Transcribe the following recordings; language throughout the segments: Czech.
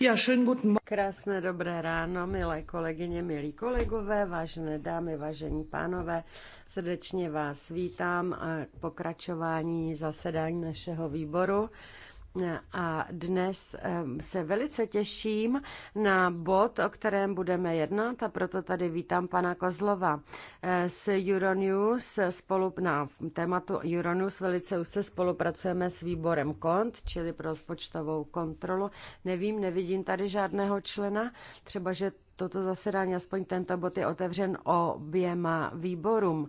Ja, schönen guten Krásné dobré ráno, milé kolegyně, milí kolegové, vážené dámy, vážení pánové. Srdečně vás vítám a pokračování zasedání našeho výboru. A dnes se velice těším na bod, o kterém budeme jednat a proto tady vítám pana Kozlova eh, z Euronews spolu na tématu Euronews velice už se spolupracujeme s výborem KONT, čili pro rozpočtovou kontrolu. Nevím, nevidím tady žádného člena, třeba že toto zasedání, aspoň tento bod je otevřen oběma výborům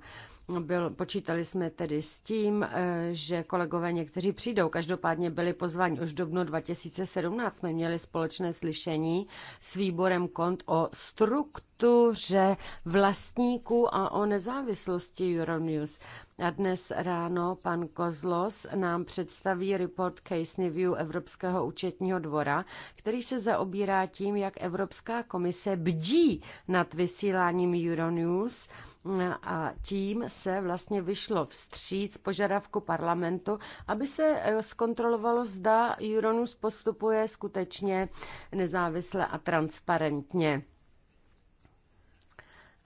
byl, počítali jsme tedy s tím, eh, že kolegové někteří přijdou. Každopádně byli pozváni už v dubnu 2017. Jsme měli společné slyšení s výborem KONT o struktu struktuře vlastníků a o nezávislosti Euronews. A dnes ráno pan Kozlos nám představí report Case Review Evropského účetního dvora, který se zaobírá tím, jak Evropská komise bdí nad vysíláním Euronews a tím se vlastně vyšlo vstříc požadavku parlamentu, aby se eh, zkontrolovalo, zda Euronews postupuje skutečně nezávisle a transparentně.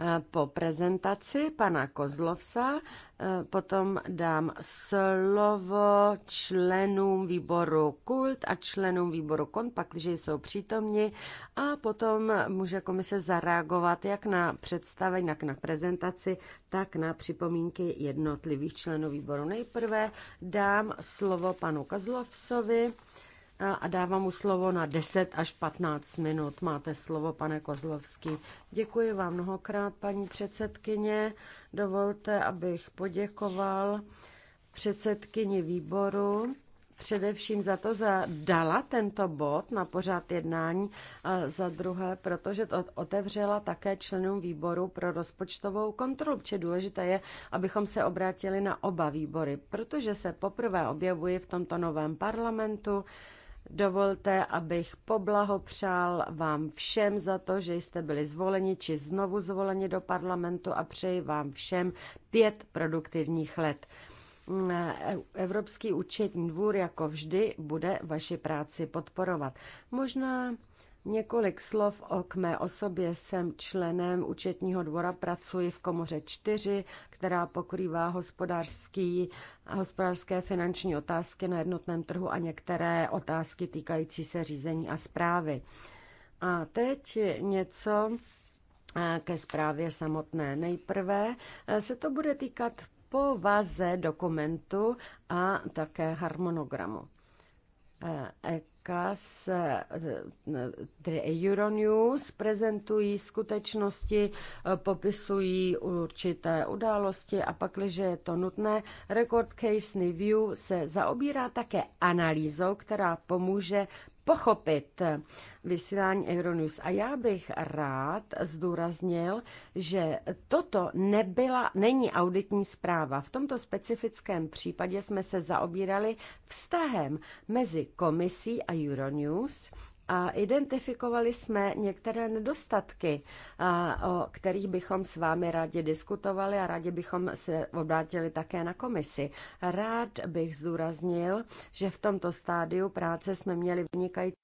E, po prezentaci pana Kozlovsa. E, potom dám slovo členům výboru Kult a členům výboru KON, pakliže jsou přítomni. A potom může komise zareagovat jak na představení, jak na prezentaci, tak na připomínky jednotlivých členů výboru. Nejprve dám slovo panu Kozlovsovi a dávám mu slovo na 10 až 15 minut. Máte slovo, pane Kozlovský. Děkuji vám mnohokrát, paní předsedkyně. Dovolte, abych poděkoval předsedkyni výboru především za to, že dala tento bod na pořád jednání a za druhé, protože to otevřela také členům výboru pro rozpočtovou kontrolu, protože důležité je, abychom se obrátili na oba výbory, protože se poprvé objevuji v tomto novém parlamentu, Dovolte, abych poblahopřál vám všem za to, že jste byli zvoleni či znovu zvoleni do parlamentu a přeji vám všem pět produktivních let. Evropský účetní dvůr jako vždy bude vaši práci podporovat. Možná Několik slov o k mé osobě. Jsem členem účetního dvora, pracuji v komoře 4, která pokrývá hospodářský, hospodářské finanční otázky na jednotném trhu a některé otázky týkající se řízení a zprávy. A teď něco eh, ke zprávě samotné. Nejprve eh, se to bude týkat povaze dokumentu a také harmonogramu. Eh, EKAS eh, Euronews prezentují skutečnosti, eh, popisují určité události a pak, je to nutné, Record Case Review se zaobírá také analýzou, která pomůže pochopit vysílání Euronews. A já bych rád zdůraznil, že toto nebyla, není auditní zpráva. V tomto specifickém případě jsme se zaobírali vztahem mezi komisí a Euronews, a identifikovali jsme některé nedostatky, o kterých bychom s vámi rádi diskutovali a rádi bychom se obrátili také na komisi. Rád bych zdůraznil, že v tomto stádiu práce jsme měli vynikající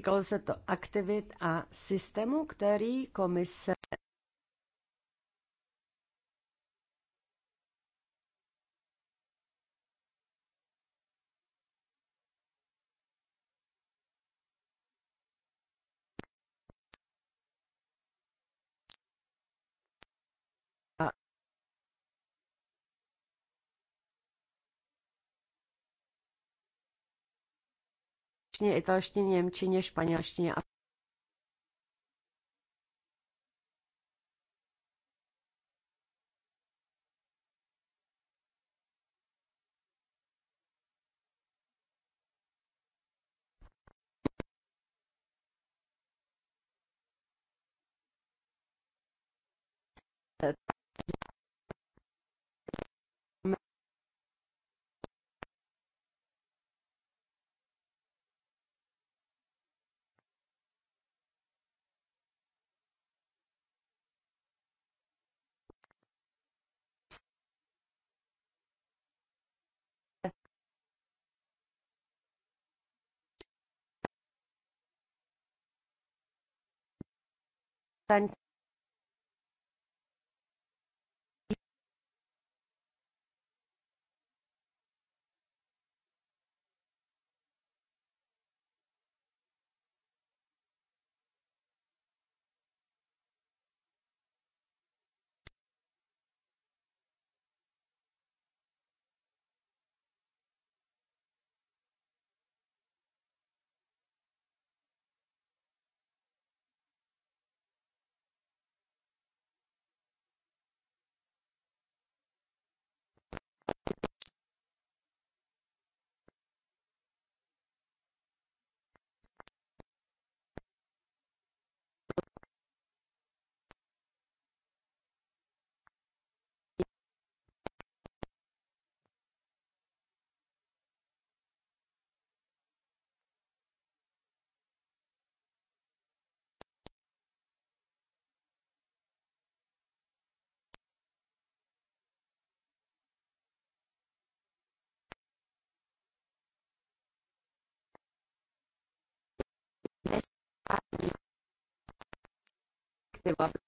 Týkalo se to aktivit a systému, který komise angličtině, italštině, němčině, španělštině a tant Evropy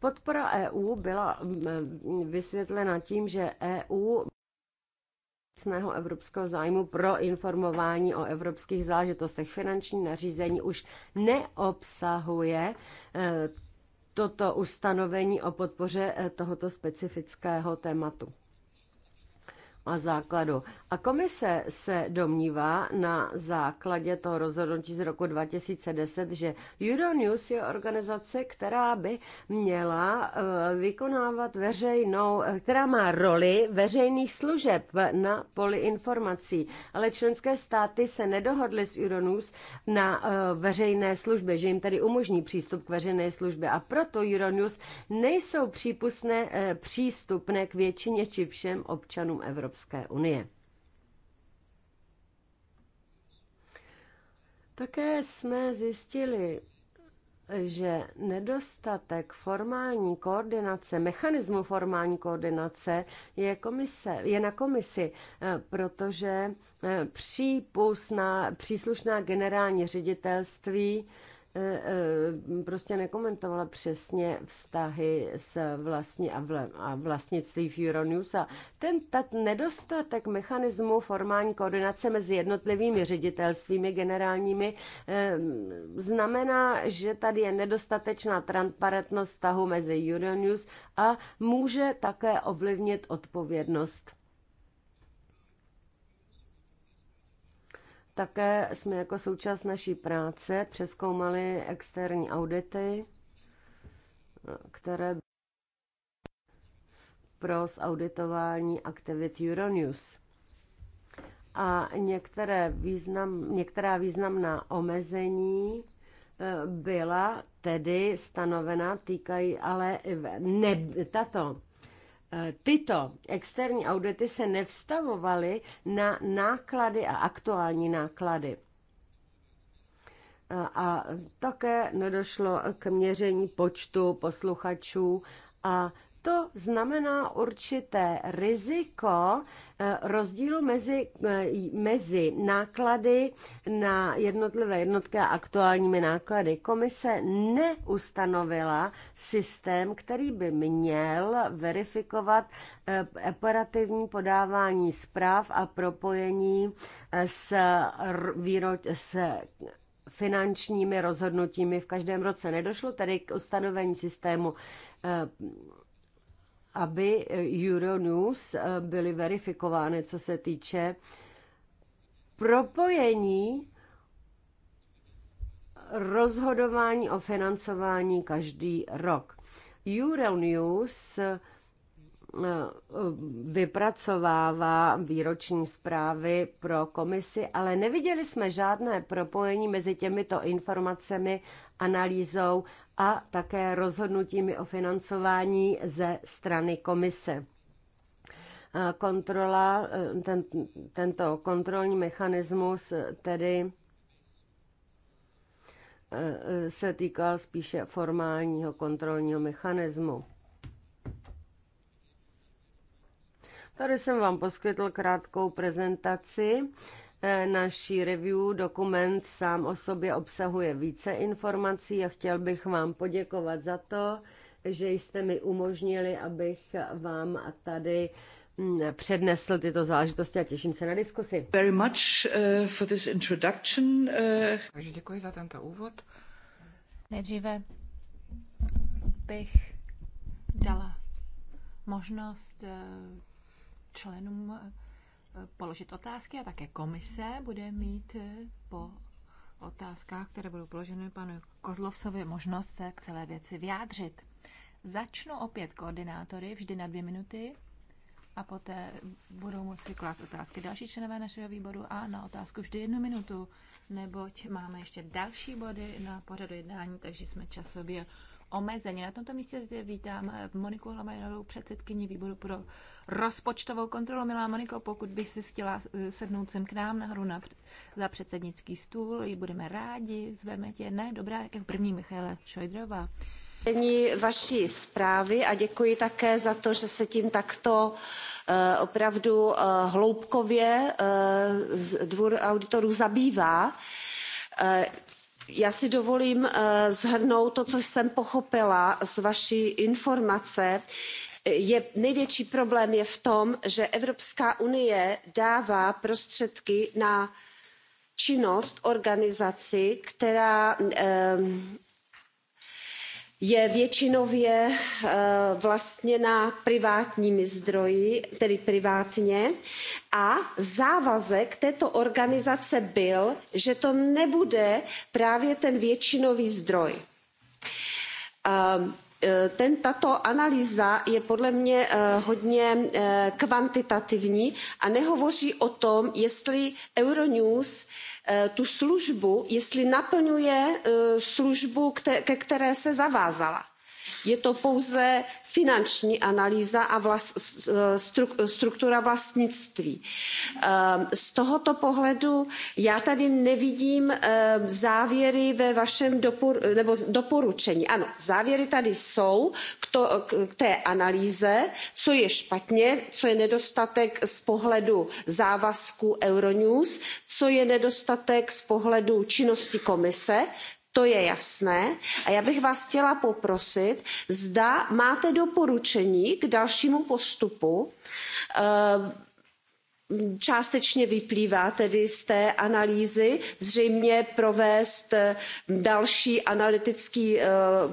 Podpora EU byla mm, mm, vysvětlena tím, že EU evropského zájmu pro informování o evropských záležitostech. Finanční nařízení už neobsahuje e, toto ustanovení o podpoře e, tohoto specifického tématu a základu. A komise se domnívá na základě toho rozhodnutí z roku 2010, že Euronews je organizace, která by měla eh, vykonávat veřejnou, eh, která má roli veřejných služeb na poli informací. Ale členské státy se nedohodly s Euronews na eh, veřejné službě, že jim tedy umožní přístup k veřejné službě. A proto Euronews nejsou přípustné, přístupné k většině či všem občanům Evropy. Evropské unie. Také jsme zjistili, že nedostatek formální koordinace, mechanismu formální koordinace je, komise, je na komisi, eh, protože eh, přípustná, příslušná generální ředitelství E, e, prostě nekomentovala přesně vztahy s vlastní a, vle, a vlastnictví v Euronews a ten tak nedostatek mechanismu formální koordinace mezi jednotlivými ředitelstvími generálními e, znamená, že tady je nedostatečná transparentnost vztahu mezi Euronews a může také ovlivnit odpovědnost Také jsme jako součást naší práce přeskoumali externí audity, které pro zauditování aktivit Euronews. A některé význam, některá významná omezení eh, byla tedy stanovena, týkají ale ne, tato Tyto externí audity se nevstavovaly na náklady a aktuální náklady. A také nedošlo k měření počtu posluchačů a to znamená určité riziko eh, rozdílu mezi, eh, mezi náklady na jednotlivé jednotky a aktuálními náklady. Komise neustanovila systém, který by měl verifikovat eh, operativní podávání zpráv a propojení s, výroč, s finančními rozhodnutími v každém roce. Nedošlo tedy k ustanovení systému aby eh, Euronews eh, byly verifikovány, co se týče propojení rozhodování o financování každý rok. Euronews eh, Eh, vypracovává výroční zprávy pro komisi, ale neviděli jsme žádné propojení mezi těmito informacemi, analýzou a také rozhodnutími o financování ze strany komise eh, kontrola, eh, ten, tento kontrolní mechanismus tedy se týkal spíše formálního kontrolního mechanismu. Tady jsem vám poskytl krátkou prezentaci eh, naší review. Dokument sám o sobě obsahuje více informací a chtěl bych vám poděkovat za to, že jste mi umožnili, abych vám tady mm, přednesl tyto záležitosti a těším se na diskusi. Very much uh, for this introduction. Uh... Takže děkuji za tento úvod. Nejdříve bych dala možnost uh, členům eh, položit otázky a také komise bude mít eh, po otázkách, které budou položeny panu Kozlovsovi, možnost se k celé věci vyjádřit. Začnu opět koordinátory, vždy na dvě minuty, a poté budou moci klást otázky další členové našeho výboru a na otázku vždy jednu minutu, neboť máme ještě další body na pořadu jednání, takže jsme časově omezeně. Na tomto místě zde vítám eh, Moniku Lamajnovou, předsedkyni výboru pro rozpočtovou kontrolu. Milá Moniko, pokud by si chtěla eh, sednout sem k nám nahoru na, za předsednický stůl, budeme rádi, zveme tě. Ne, dobrá, jak jako první Michaela Šojdrova vaší zprávy a děkuji také za to, že se tím takto eh, opravdu hloubkově dvůr auditorů zabývá já si dovolím eh, shrnout to co jsem pochopila z vaší informace je, největší problém je v tom že evropská unie dává prostředky na činnost organizaci která eh, je většinově eh, vlastněna privátními zdroji tedy privátně a závazek této organizace byl že to nebude právě ten většinový zdroj. Ehm, Eh, ten, tato analýza je podle mě eh, hodně eh, kvantitativní a nehovoří o tom, jestli Euronews tu službu, jestli naplňuje službu, ke které se zavázala je to pouze finanční analýza a struktura vlastnictví. Ehm, z tohoto pohledu já tady nevidím ehm, závěry ve vašem dopor, nebo doporučení. ano závěry tady jsou k, to, k té analýze co je špatně co je nedostatek z pohledu závazku euronews co je nedostatek z pohledu činnosti komise to je jasné a já bych vás chtěla poprosit zda máte doporučení k dalšímu postupu. Ehm, částečně vyplývá tedy z té analýzy zřejmě provést eh, další analytický eh,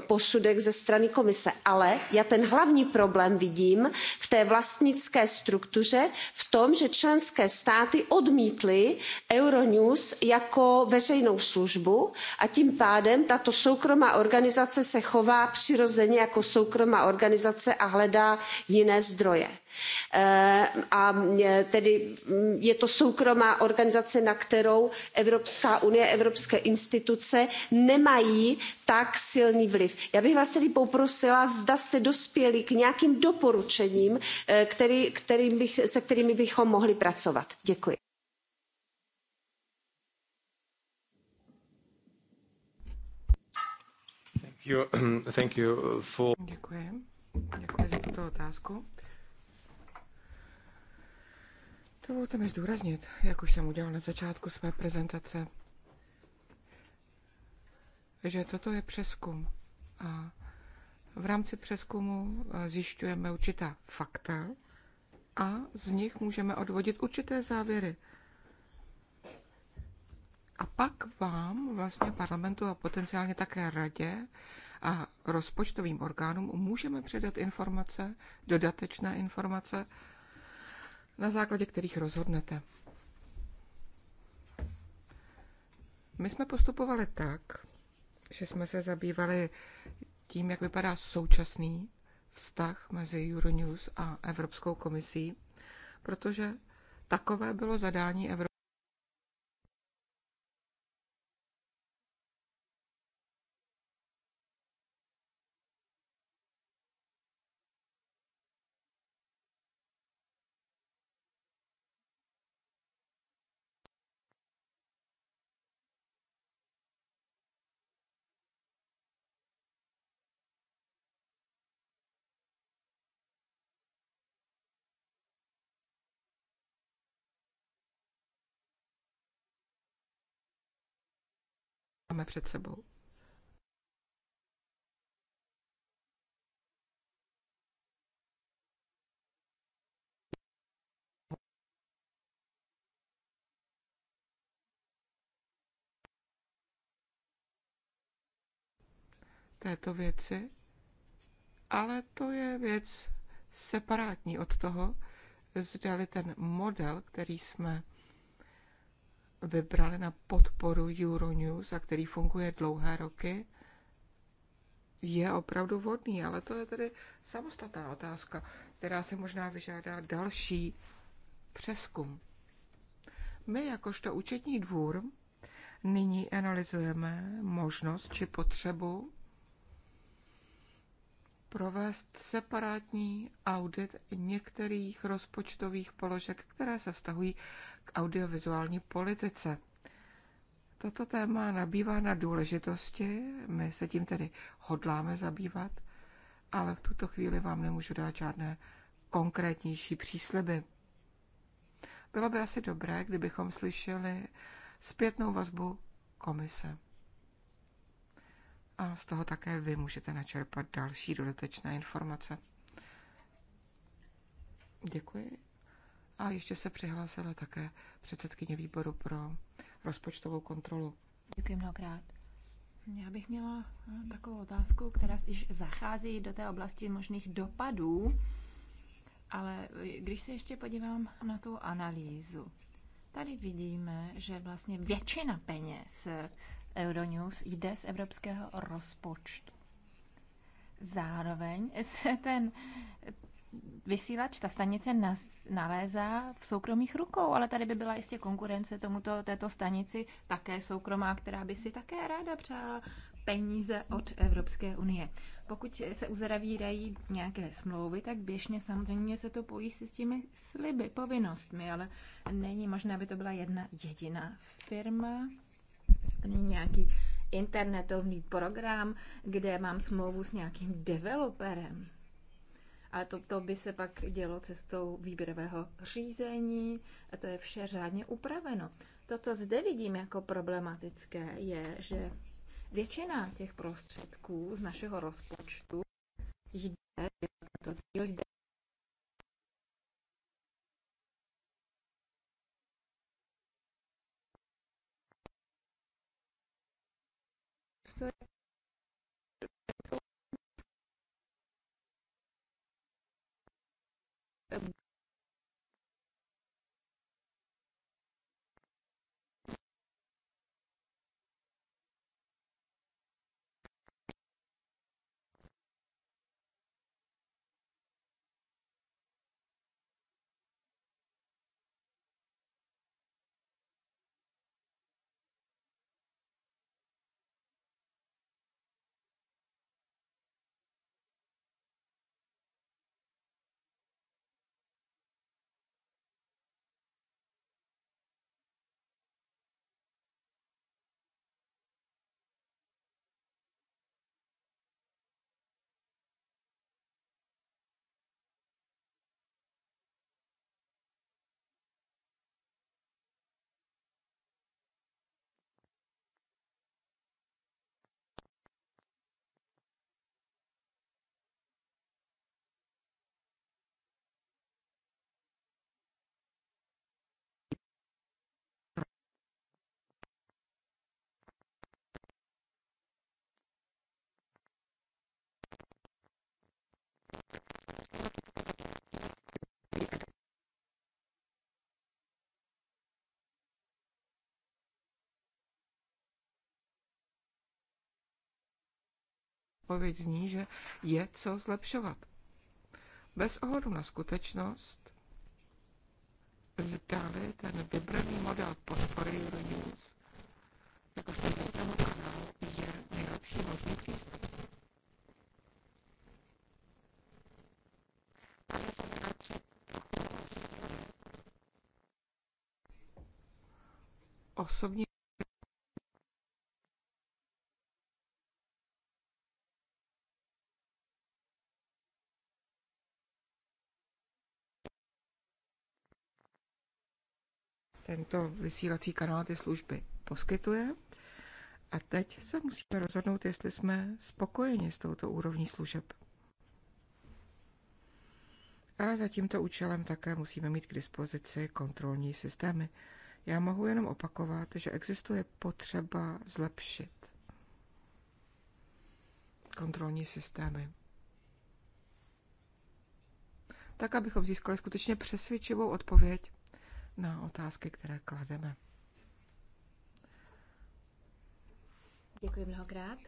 posudek ze strany komise ale já ten hlavní problém vidím v té vlastnické struktuře v tom že členské státy odmítly euronews jako veřejnou službu a tím pádem tato soukromá organizace se chová přirozeně jako soukromá organizace a hledá jiné zdroje. Eh, a tedy mm, je to soukromá organizace na kterou evropská unie evropské instituce nemají tak silný vliv. já bych vás tedy poprosila zda jste dospěli k nějakým doporučením eh, který, kterým bych, se kterými bychom mohli pracovat. děkuji. Děkuji. Děkuji za tuto otázku. Dovolte mi zdůraznit, jak už jsem udělal na začátku své prezentace, že toto je přeskum. A v rámci přeskumu eh, zjišťujeme určitá fakta a z nich můžeme odvodit určité závěry. A pak vám, vlastně parlamentu a potenciálně také radě a rozpočtovým orgánům můžeme předat informace, dodatečné informace, na základě kterých rozhodnete. My jsme postupovali tak, že jsme se zabývali tím, jak vypadá současný vztah mezi Euronews a Evropskou komisí, protože takové bylo zadání Evropské máme před sebou. této věci, ale to je věc separátní od toho, zdali ten model, který jsme vybrali na podporu Euronews a který funguje dlouhé roky, je opravdu vhodný, ale to je tedy samostatná otázka, která se možná vyžádá další přeskum. My, jakožto účetní dvůr, nyní analyzujeme možnost či potřebu provést separátní audit některých rozpočtových položek, které se vztahují k audiovizuální politice. Toto téma nabývá na důležitosti, my se tím tedy hodláme zabývat, ale v tuto chvíli vám nemůžu dát žádné konkrétnější přísliby. Bylo by asi dobré, kdybychom slyšeli zpětnou vazbu komise a z toho také vy můžete načerpat další dodatečné informace. Děkuji. A ještě se přihlásila také předsedkyně výboru pro rozpočtovou kontrolu. Děkuji mnohokrát. Já bych měla eh, takovou otázku, která již zachází do té oblasti možných dopadů, ale eh, když se ještě podívám na tu analýzu, tady vidíme, že vlastně většina peněz, Euronews jde z evropského rozpočtu. Zároveň se ten vysílač, ta stanice nalézá v soukromých rukou, ale tady by byla jistě konkurence tomuto, této stanici, také soukromá, která by si také ráda přála peníze od Evropské unie. Pokud se uzavírají nějaké smlouvy, tak běžně samozřejmě se to pojí s těmi sliby, povinnostmi, ale není možné, aby to byla jedna jediná firma, nějaký internetový program, kde mám smlouvu s nějakým developerem. Ale to, to by se pak dělo cestou výběrového řízení a to je vše řádně upraveno. To, co zde vidím jako problematické, je, že většina těch prostředků z našeho rozpočtu jde, to cíl jde historie odpověď zní, že je co zlepšovat. Bez ohledu na skutečnost, zdali ten vybraný model podpory Euronews, ten veřejného kanál je nejlepší možný přístup. Osobně tento vysílací kanál ty služby poskytuje. A teď se musíme rozhodnout, jestli jsme spokojeni s touto úrovní služeb. A za tímto účelem také musíme mít k dispozici kontrolní systémy. Já mohu jenom opakovat, že existuje potřeba zlepšit kontrolní systémy. Tak, abychom získali skutečně přesvědčivou odpověď na otázky, které klademe. Děkuji mnohokrát.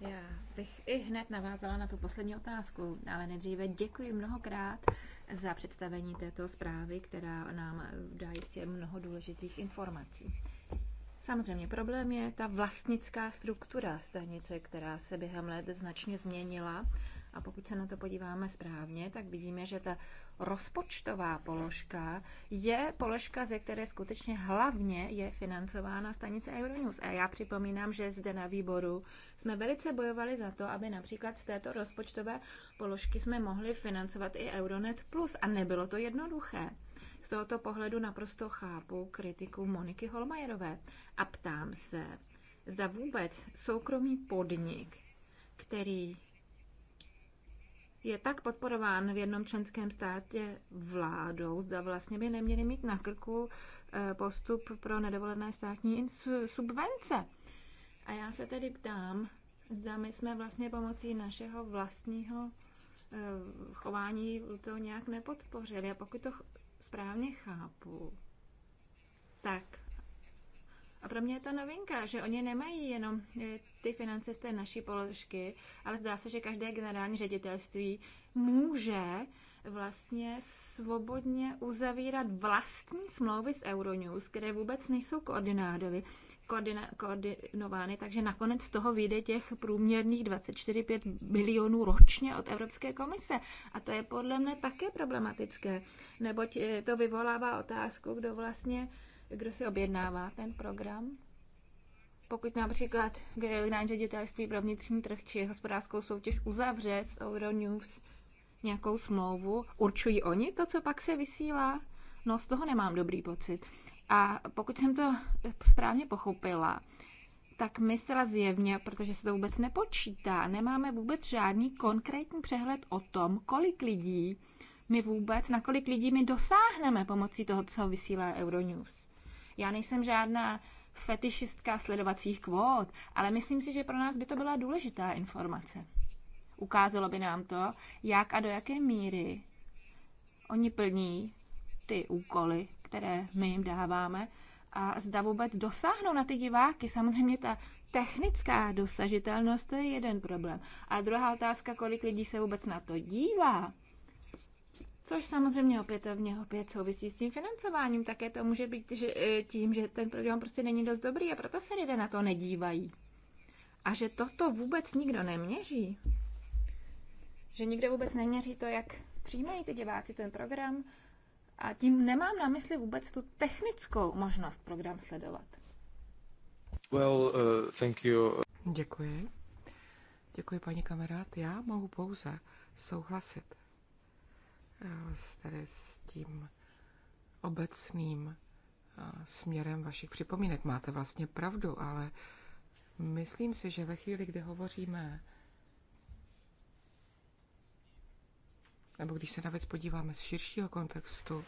Já bych i hned navázala na tu poslední otázku, ale nejdříve děkuji mnohokrát za představení této zprávy, která nám dá jistě mnoho důležitých informací. Samozřejmě problém je ta vlastnická struktura stanice, která se během let značně změnila a pokud se na to podíváme správně, tak vidíme, že ta rozpočtová položka je položka, ze které skutečně hlavně je financována stanice Euronews. A já připomínám, že zde na výboru jsme velice bojovali za to, aby například z této rozpočtové položky jsme mohli financovat i Euronet Plus. A nebylo to jednoduché. Z tohoto pohledu naprosto chápu kritiku Moniky Holmajerové a ptám se, zda vůbec soukromý podnik, který je tak podporován v jednom členském státě vládou, zda vlastně by neměli mít na krku eh, postup pro nedovolené státní subvence. A já se tedy ptám, zda my jsme vlastně pomocí našeho vlastního eh, chování to nějak nepodpořili. A pokud to správně chápu, tak a pro mě je to novinka, že oni nemají jenom eh, ty finance z té naší položky, ale zdá se, že každé generální ředitelství může vlastně svobodně uzavírat vlastní smlouvy s Euronews, které vůbec nejsou koordinádovi, koordina, koordinovány, takže nakonec z toho vyjde těch průměrných 24-5 milionů ročně od Evropské komise. A to je podle mne také problematické, neboť eh, to vyvolává otázku, kdo vlastně kdo si objednává ten program. Pokud například generální ředitelství pro vnitřní trh či hospodářskou soutěž uzavře s Euronews nějakou smlouvu, určují oni to, co pak se vysílá? No, z toho nemám dobrý pocit. A pokud jsem to správně pochopila, tak my zcela zjevně, protože se to vůbec nepočítá, nemáme vůbec žádný konkrétní přehled o tom, kolik lidí my vůbec, na kolik lidí my dosáhneme pomocí toho, co vysílá Euronews. Já nejsem žádná fetišistka sledovacích kvót, ale myslím si, že pro nás by to byla důležitá informace. Ukázalo by nám to, jak a do jaké míry oni plní ty úkoly, které my jim dáváme a zda vůbec dosáhnou na ty diváky. Samozřejmě ta technická dosažitelnost, to je jeden problém. A druhá otázka, kolik lidí se vůbec na to dívá což samozřejmě opětovně opět souvisí s tím financováním. Také to může být že, e, tím, že ten program prostě není dost dobrý a proto se lidé na to nedívají. A že toto vůbec nikdo neměří. Že nikdo vůbec neměří to, jak přijímají ty diváci ten program. A tím nemám na mysli vůbec tu technickou možnost program sledovat. Well, uh, thank you. Děkuji. Děkuji, paní kamarád. Já mohu pouze souhlasit Eh, s, tady s tím obecným eh, směrem vašich připomínek. Máte vlastně pravdu, ale myslím si, že ve chvíli, kdy hovoříme nebo když se na věc podíváme z širšího kontextu,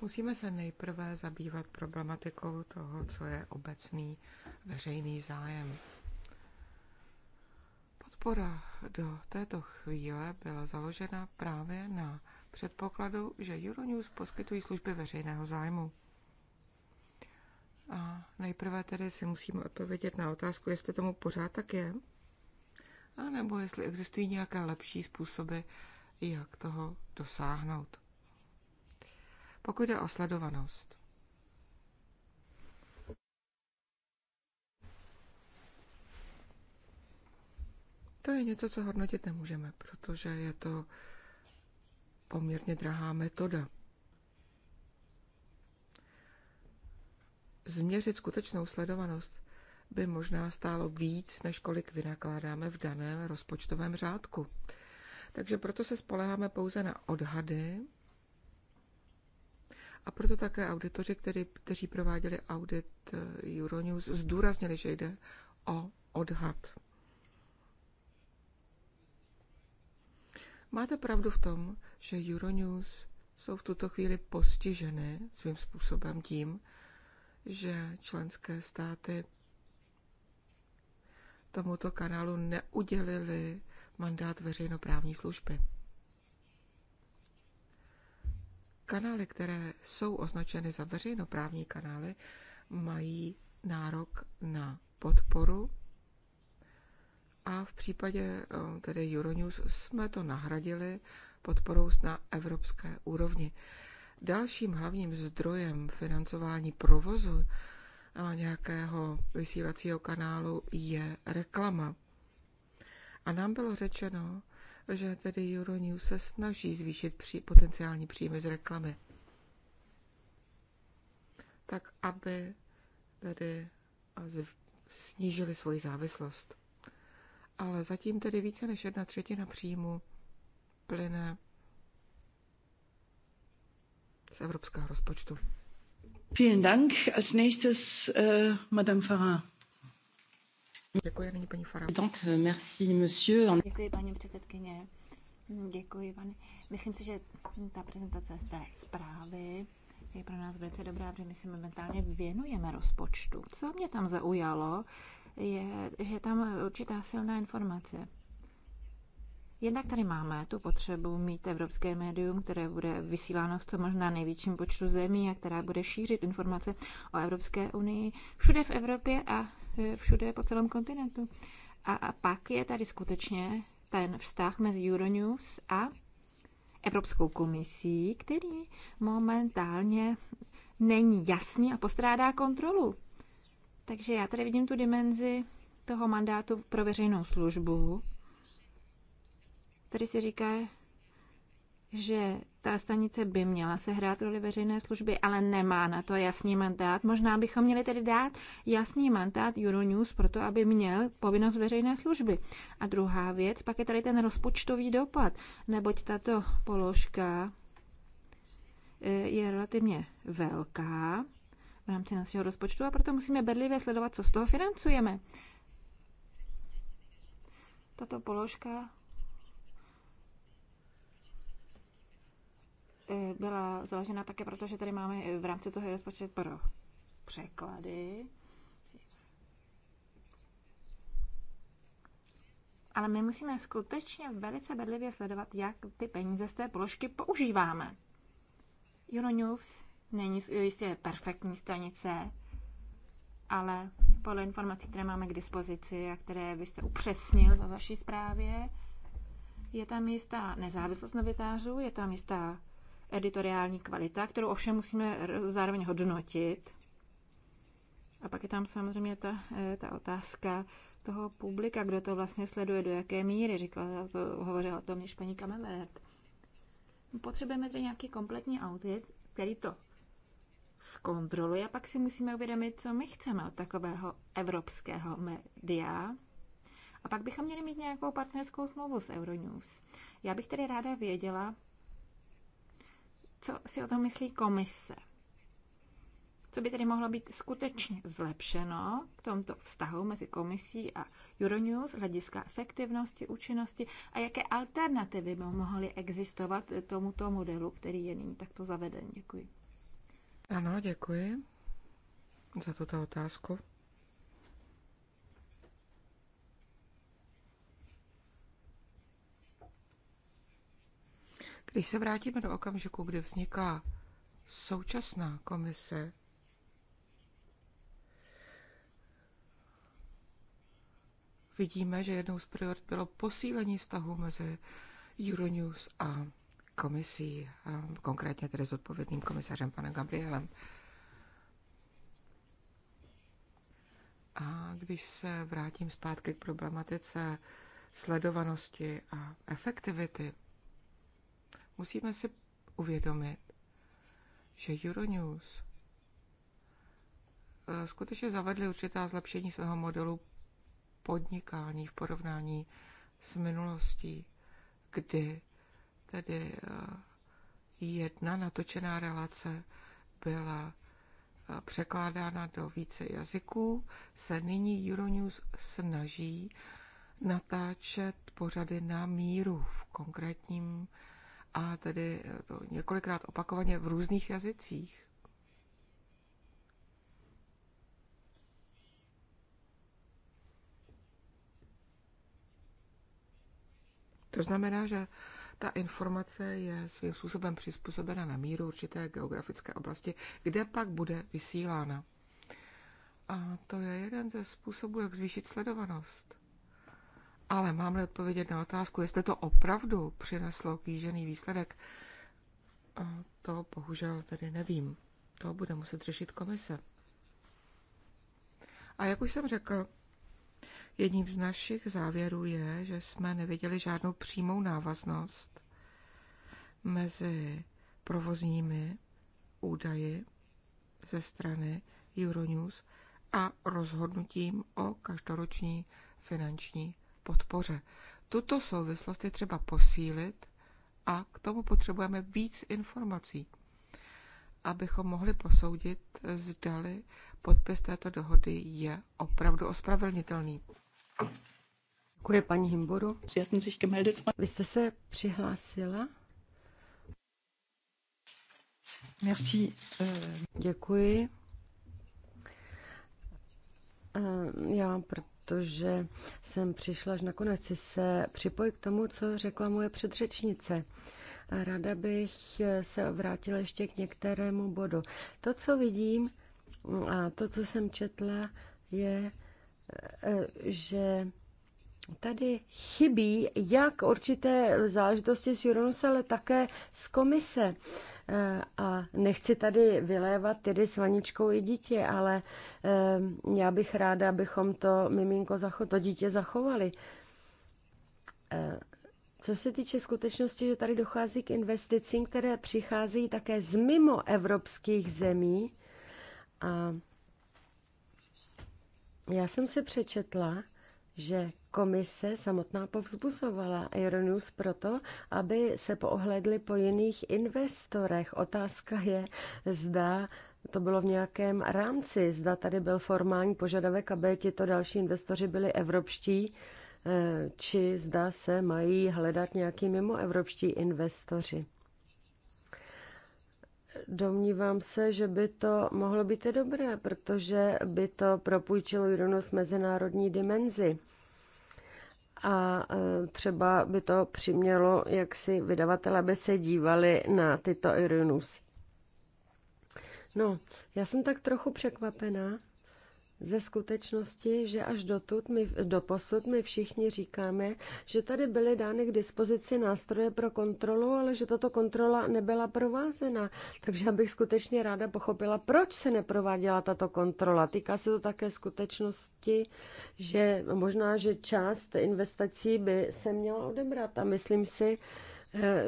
musíme se nejprve zabývat problematikou toho, co je obecný veřejný zájem. Podpora do této chvíle byla založena právě na předpokladu, že Euronews poskytují služby veřejného zájmu. A nejprve tedy si musíme odpovědět na otázku, jestli tomu pořád tak je, nebo jestli existují nějaké lepší způsoby, jak toho dosáhnout. Pokud jde o sledovanost, to je něco, co hodnotit nemůžeme, protože je to poměrně drahá metoda. Změřit skutečnou sledovanost by možná stálo víc, než kolik vynakládáme v daném rozpočtovém řádku. Takže proto se spoleháme pouze na odhady a proto také auditoři, který, kteří prováděli audit eh, Euronews, zdůraznili, že jde o odhad. Máte pravdu v tom, že Euronews jsou v tuto chvíli postiženy svým způsobem tím, že členské státy tomuto kanálu neudělili mandát veřejnoprávní služby. Kanály, které jsou označeny za veřejnoprávní kanály, mají nárok na podporu a v případě eh, tedy Euronews jsme to nahradili podporou na evropské úrovni. Dalším hlavním zdrojem financování provozu eh, nějakého vysílacího kanálu je reklama. A nám bylo řečeno, že tedy Euronews se snaží zvýšit při, potenciální příjmy z reklamy. Tak, aby tedy eh, snížili svoji závislost ale zatím tedy více než jedna třetina příjmu plyne z evropského rozpočtu. Vielen Dank. Als nächstes uh, Madame Farah. Děkuji, nyní paní Farah. Merci, monsieur. Děkuji, paní předsedkyně. Děkuji, pane. Myslím si, že ta prezentace z té zprávy je pro nás velice dobrá, protože my se momentálně věnujeme rozpočtu. Co mě tam zaujalo, je, že tam je určitá silná informace. Jednak tady máme tu potřebu mít evropské médium, které bude vysíláno v co možná největším počtu zemí a která bude šířit informace o Evropské unii všude v Evropě a e, všude po celém kontinentu. A, a pak je tady skutečně ten vztah mezi Euronews a Evropskou komisí, který momentálně není jasný a postrádá kontrolu. Takže já tady vidím tu dimenzi toho mandátu pro veřejnou službu. Tady se říká, že ta stanice by měla sehrát roli veřejné služby, ale nemá na to jasný mandát. Možná bychom měli tedy dát jasný mandát Euronews pro to, aby měl povinnost veřejné služby. A druhá věc, pak je tady ten rozpočtový dopad, neboť tato položka eh, je relativně velká v rámci našeho rozpočtu a proto musíme bedlivě sledovat, co z toho financujeme. Tato položka eh, byla založena také proto, že tady máme eh, v rámci toho rozpočet pro překlady. Ale my musíme skutečně velice bedlivě sledovat, jak ty peníze z té položky používáme. Euronews Není jistě perfektní stanice, ale podle informací, které máme k dispozici a které byste upřesnil ve vaší zprávě, je tam jistá nezávislost novitářů, je tam jistá editoriální kvalita, kterou ovšem musíme zároveň hodnotit. A pak je tam samozřejmě ta, eh, ta otázka toho publika, kdo to vlastně sleduje, do jaké míry, říkala, to, hovořila o tom již paní Kamemert. Potřebujeme tedy nějaký kompletní audit, který to zkontroluje pak si musíme uvědomit, co my chceme od takového evropského média. A pak bychom měli mít nějakou partnerskou smlouvu s Euronews. Já bych tedy ráda věděla, co si o tom myslí komise. Co by tedy mohlo být skutečně zlepšeno v tomto vztahu mezi komisí a Euronews, hlediska efektivnosti, účinnosti a jaké alternativy by mohly existovat tomuto modelu, který je nyní takto zaveden? Děkuji. Ano, děkuji za tuto otázku. Když se vrátíme do okamžiku, kdy vznikla současná komise, vidíme, že jednou z priorit bylo posílení vztahu mezi Euronews a komisí, konkrétně tedy s odpovědným komisařem panem Gabrielem. A když se vrátím zpátky k problematice sledovanosti a efektivity, musíme si uvědomit, že Euronews e, skutečně zavedli určitá zlepšení svého modelu podnikání v porovnání s minulostí, kdy Tedy eh, jedna natočená relace byla eh, překládána do více jazyků, se nyní Euronews snaží natáčet pořady na míru v konkrétním a tedy eh, to několikrát opakovaně v různých jazycích. To znamená, že ta informace je svým způsobem přizpůsobena na míru určité geografické oblasti, kde pak bude vysílána. A to je jeden ze způsobů, jak zvýšit sledovanost. Ale mám-li odpovědět na otázku, jestli to opravdu přineslo kýžený výsledek, to bohužel tedy nevím. To bude muset řešit komise. A jak už jsem řekl, Jedním z našich závěrů je, že jsme neviděli žádnou přímou návaznost mezi provozními údaji ze strany Euronews a rozhodnutím o každoroční finanční podpoře. Tuto souvislost je třeba posílit a k tomu potřebujeme víc informací, abychom mohli posoudit, zdali podpis této dohody je opravdu ospravedlnitelný. Děkuji, paní Himboru. Vy jste se přihlásila? Merci. Eh. Děkuji. Eh, já, protože jsem přišla až nakonec si se připojit k tomu, co řekla moje předřečnice. Ráda bych eh, se vrátila ještě k některému bodu. To, co vidím mm, a to, co jsem četla, je, Eh, že tady chybí jak určité záležitosti s Uranus, ale také z komise. Eh, a nechci tady vylévat tedy s vaničkou i dítě, ale eh, já bych ráda, abychom to miminko, to dítě zachovali. Co se týče skutečnosti, že tady dochází k investicím, které přichází také z mimo evropských zemí, a já jsem si přečetla, že komise samotná povzbuzovala Euronews proto, aby se poohledli po jiných investorech. Otázka je, zda to bylo v nějakém rámci, zda tady byl formální požadavek, aby tito další investoři byli evropští, eh, či zda se mají hledat nějaký mimoevropští investoři. Domnívám se, že by to mohlo být i dobré, protože by to propůjčilo Juronos mezinárodní dimenzi. A e, třeba by to přimělo, jak si vydavatele by se dívali na tyto Ironus. No, já jsem tak trochu překvapená, ze skutečnosti, že až dotud my, posud my všichni říkáme, že tady byly dány k dispozici nástroje pro kontrolu, ale že tato kontrola nebyla provázena. Takže já bych skutečně ráda pochopila, proč se neprováděla tato kontrola. Týká se to také skutečnosti, že možná, že část investací by se měla odebrat. A myslím si, Eh,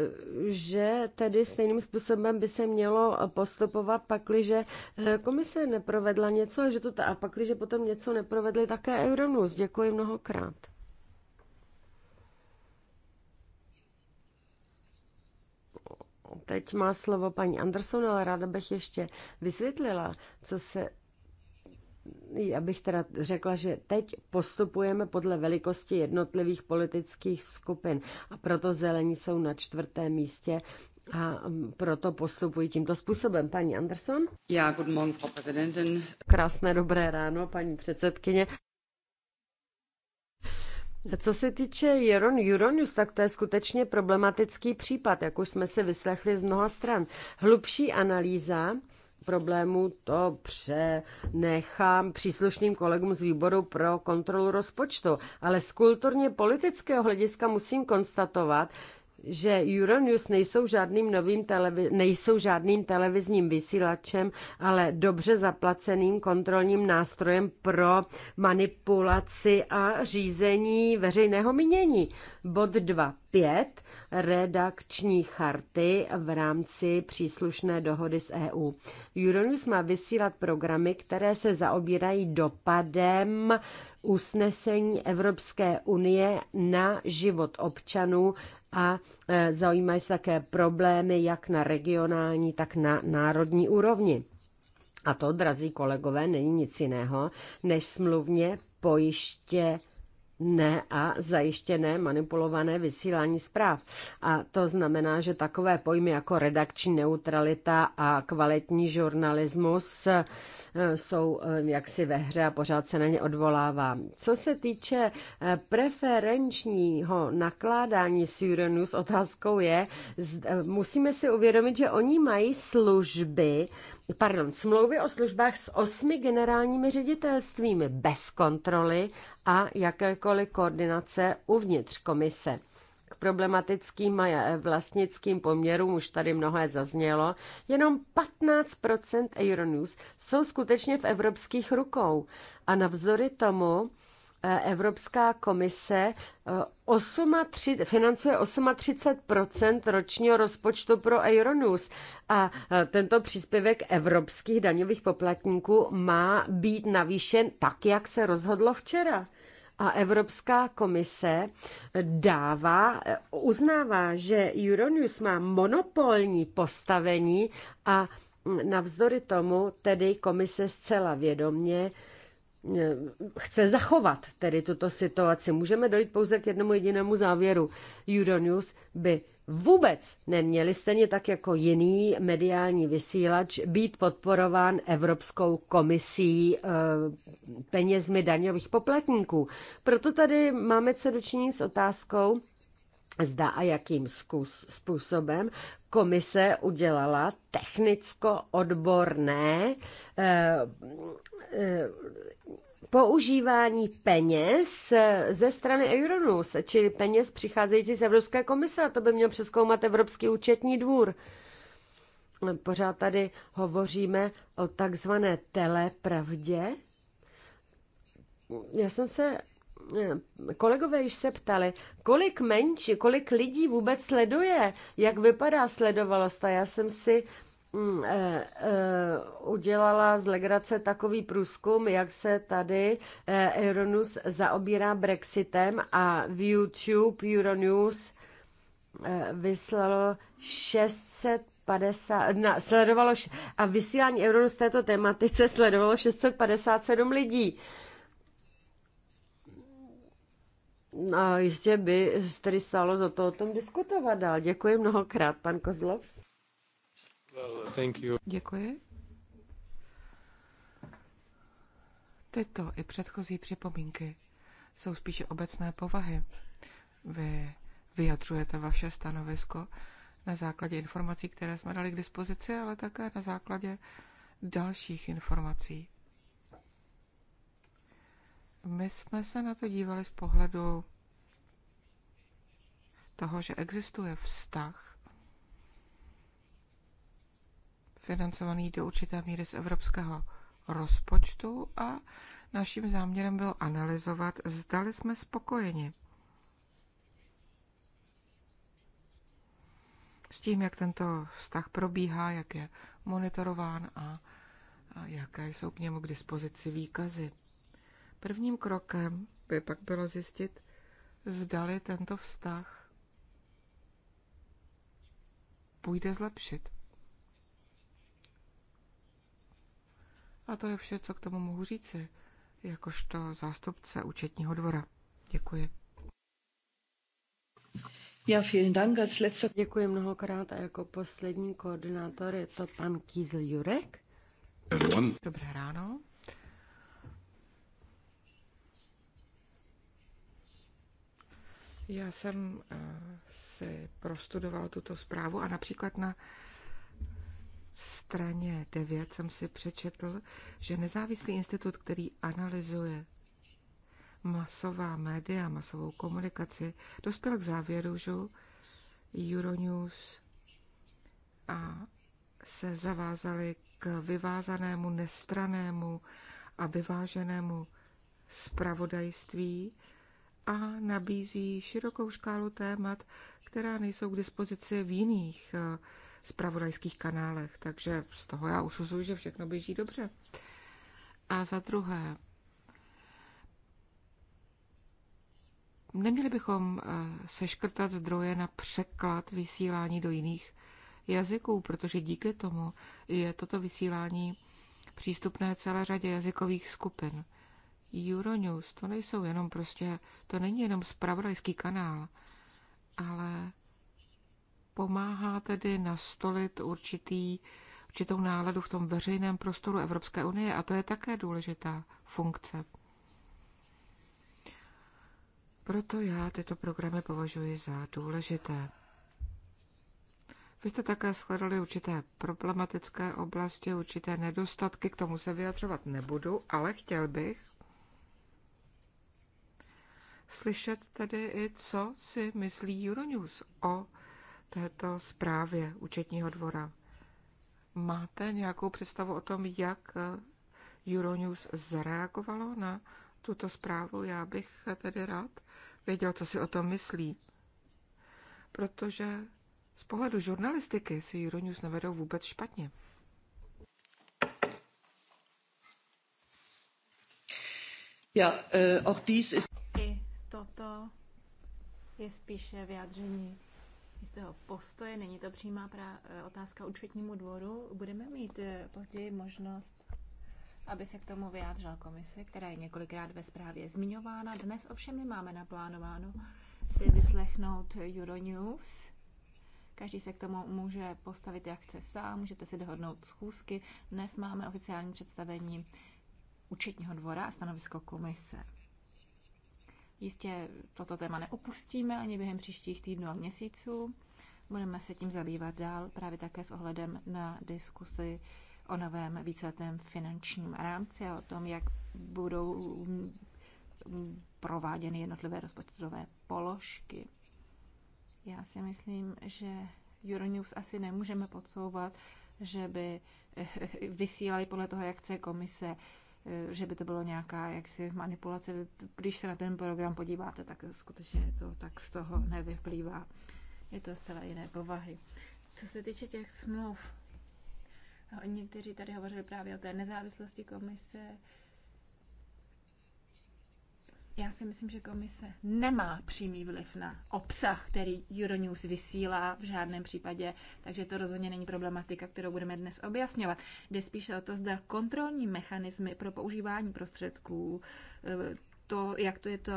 že tedy stejným způsobem by se mělo postupovat, pakliže eh, komise neprovedla něco a, že to ta, a pakliže potom něco neprovedli také Euronews. Děkuji mnohokrát. Teď má slovo paní Anderson, ale ráda bych ještě vysvětlila, co se já bych teda řekla, že teď postupujeme podle velikosti jednotlivých politických skupin a proto zelení jsou na čtvrtém místě a proto postupují tímto způsobem. Paní Anderson? Já, good morning, Frau Präsidentin. Krásné dobré ráno, paní předsedkyně. Co se týče Jeron Juronius, tak to je skutečně problematický případ, jak už jsme se vyslechli z mnoha stran. Hlubší analýza Problému to přenechám příslušným kolegům z výboru pro kontrolu rozpočtu. Ale z kulturně politického hlediska musím konstatovat, že Euronews nejsou žádným novým televi- nejsou žádným televizním vysílačem, ale dobře zaplaceným kontrolním nástrojem pro manipulaci a řízení veřejného mínění. Bod 2.5 redakční charty v rámci příslušné dohody s EU. Euronews má vysílat programy, které se zaobírají dopadem usnesení Evropské unie na život občanů a e, zajímají se také problémy jak na regionální, tak na národní úrovni. A to, drazí kolegové, není nic jiného než smluvně pojiště ne a zajištěné manipulované vysílání zpráv. A to znamená, že takové pojmy jako redakční neutralita a kvalitní žurnalismus eh, jsou eh, jaksi ve hře a pořád se na ně odvolává. Co se týče eh, preferenčního nakládání s Euronews, otázkou je, musíme si uvědomit, že oni mají služby, pardon, smlouvy o službách s osmi generálními ředitelstvími bez kontroly a jakékoliv koordinace uvnitř komise. K problematickým a vlastnickým poměrům už tady mnohé zaznělo. Jenom 15% Euronews jsou skutečně v evropských rukou. A navzdory tomu Eh, Evropská komise 3, eh, financuje 38 ročního rozpočtu pro Euronews a eh, tento příspěvek evropských daňových poplatníků má být navýšen tak, jak se rozhodlo včera. A Evropská komise dává, uznává, že Euronews má monopolní postavení a mm, navzdory tomu tedy komise zcela vědomně E, chce zachovat tedy tuto situaci. Můžeme dojít pouze k jednomu jedinému závěru. Euronews by vůbec neměli, stejně tak jako jiný mediální vysílač, být podporován Evropskou komisí e, penězmi daňových poplatníků. Proto tady máme co dočinit s otázkou, zda a jakým způsobem komise udělala technicko-odborné eh, eh, používání peněz eh, ze strany Euronus, čili peněz přicházející z Evropské komise, a to by měl přeskoumat Evropský účetní dvůr. Pořád tady hovoříme o takzvané telepravdě. Já jsem se Eh, kolegové již se ptali, kolik menší, kolik lidí vůbec sleduje, jak vypadá sledovalost. A já jsem si mm, eh, eh, udělala z Legrace takový průzkum, jak se tady Euronews zaobírá Brexitem a v YouTube Euronews vyslalo 600 50, na, sledovalo, a vysílání Euronews této tematice sledovalo 657 lidí. a ještě by tedy stálo za to o tom diskutovat dál. Děkuji mnohokrát, pan Kozlovs. Well, thank you. Děkuji. Tyto i předchozí připomínky jsou spíše obecné povahy. Vy vyjadřujete vaše stanovisko na základě informací, které jsme dali k dispozici, ale také na základě dalších informací. My jsme se na to dívali z pohledu toho, že existuje vztah financovaný do určité míry z evropského rozpočtu a naším záměrem bylo analyzovat, zdali jsme spokojeni s tím, jak tento vztah probíhá, jak je monitorován a, a jaké jsou k němu k dispozici výkazy. Prvním krokem by pak bylo zjistit, zdali tento vztah půjde zlepšit. A to je vše, co k tomu mohu říci, jakožto zástupce účetního dvora. Děkuji. Já vielen Dank. Als letzter... Děkuji mnohokrát a jako poslední koordinátor je to pan Kýzl Jurek. Dobré ráno. Já jsem eh, si prostudoval tuto zprávu a například na straně 9 jsem si přečetl, že nezávislý institut, který analyzuje masová média, masovou komunikaci, dospěl k závěru, že Euronews a se zavázali k vyvázanému, nestranému a vyváženému spravodajství a nabízí širokou škálu témat, která nejsou k dispozici v jiných spravodajských eh, kanálech, takže z toho já usuzuji, že všechno běží dobře. A za druhé, neměli bychom eh, seškrtat zdroje na překlad vysílání do jiných jazyků, protože díky tomu je toto vysílání přístupné celé řadě jazykových skupin. Euronews, to nejsou jenom prostě, to není jenom spravodajský kanál, ale pomáhá tedy nastolit určitý, určitou náladu v tom veřejném prostoru Evropské unie a to je také důležitá funkce. Proto já tyto programy považuji za důležité. Vy jste také shledali určité problematické oblasti, určité nedostatky, k tomu se vyjadřovat nebudu, ale chtěl bych, slyšet tedy i, co si myslí Euronews o této zprávě účetního dvora. Máte nějakou představu o tom, jak eh, Euronews zareagovalo na tuto zprávu? Já bych tedy rád věděl, co si o tom myslí. Protože z pohledu žurnalistiky si Euronews nevedou vůbec špatně. Ja, äh, auch dies ist to je spíše vyjádření jistého postoje, není to přímá eh, otázka účetnímu dvoru. Budeme mít eh, později možnost, aby se k tomu vyjádřila komise, která je několikrát ve zprávě zmiňována. Dnes ovšem máme naplánováno si vyslechnout Euronews. Každý se k tomu může postavit, jak chce sám, můžete si dohodnout schůzky. Dnes máme oficiální představení účetního dvora a stanovisko komise. Jistě toto téma neopustíme ani během příštích týdnů a měsíců. Budeme se tím zabývat dál, právě také s ohledem na diskusy o novém víceletém finančním rámci a o tom, jak budou mm, mm, prováděny jednotlivé rozpočtové položky. Já si myslím, že Euronews asi nemůžeme podsouvat, že by vysílali podle toho, jak chce komise. Eh, že by to bylo nějaká jaksi manipulace. Když se na ten program podíváte, tak skutečně to tak z toho nevyplývá. Je to zcela jiné povahy. Co se týče těch smluv, někteří tady hovořili právě o té nezávislosti komise, já si myslím, že komise nemá přímý vliv na obsah, který Euronews vysílá v žádném případě, takže to rozhodně není problematika, kterou budeme dnes objasňovat. Jde spíše o to, zda kontrolní mechanismy pro používání prostředků, eh, to, jak to je to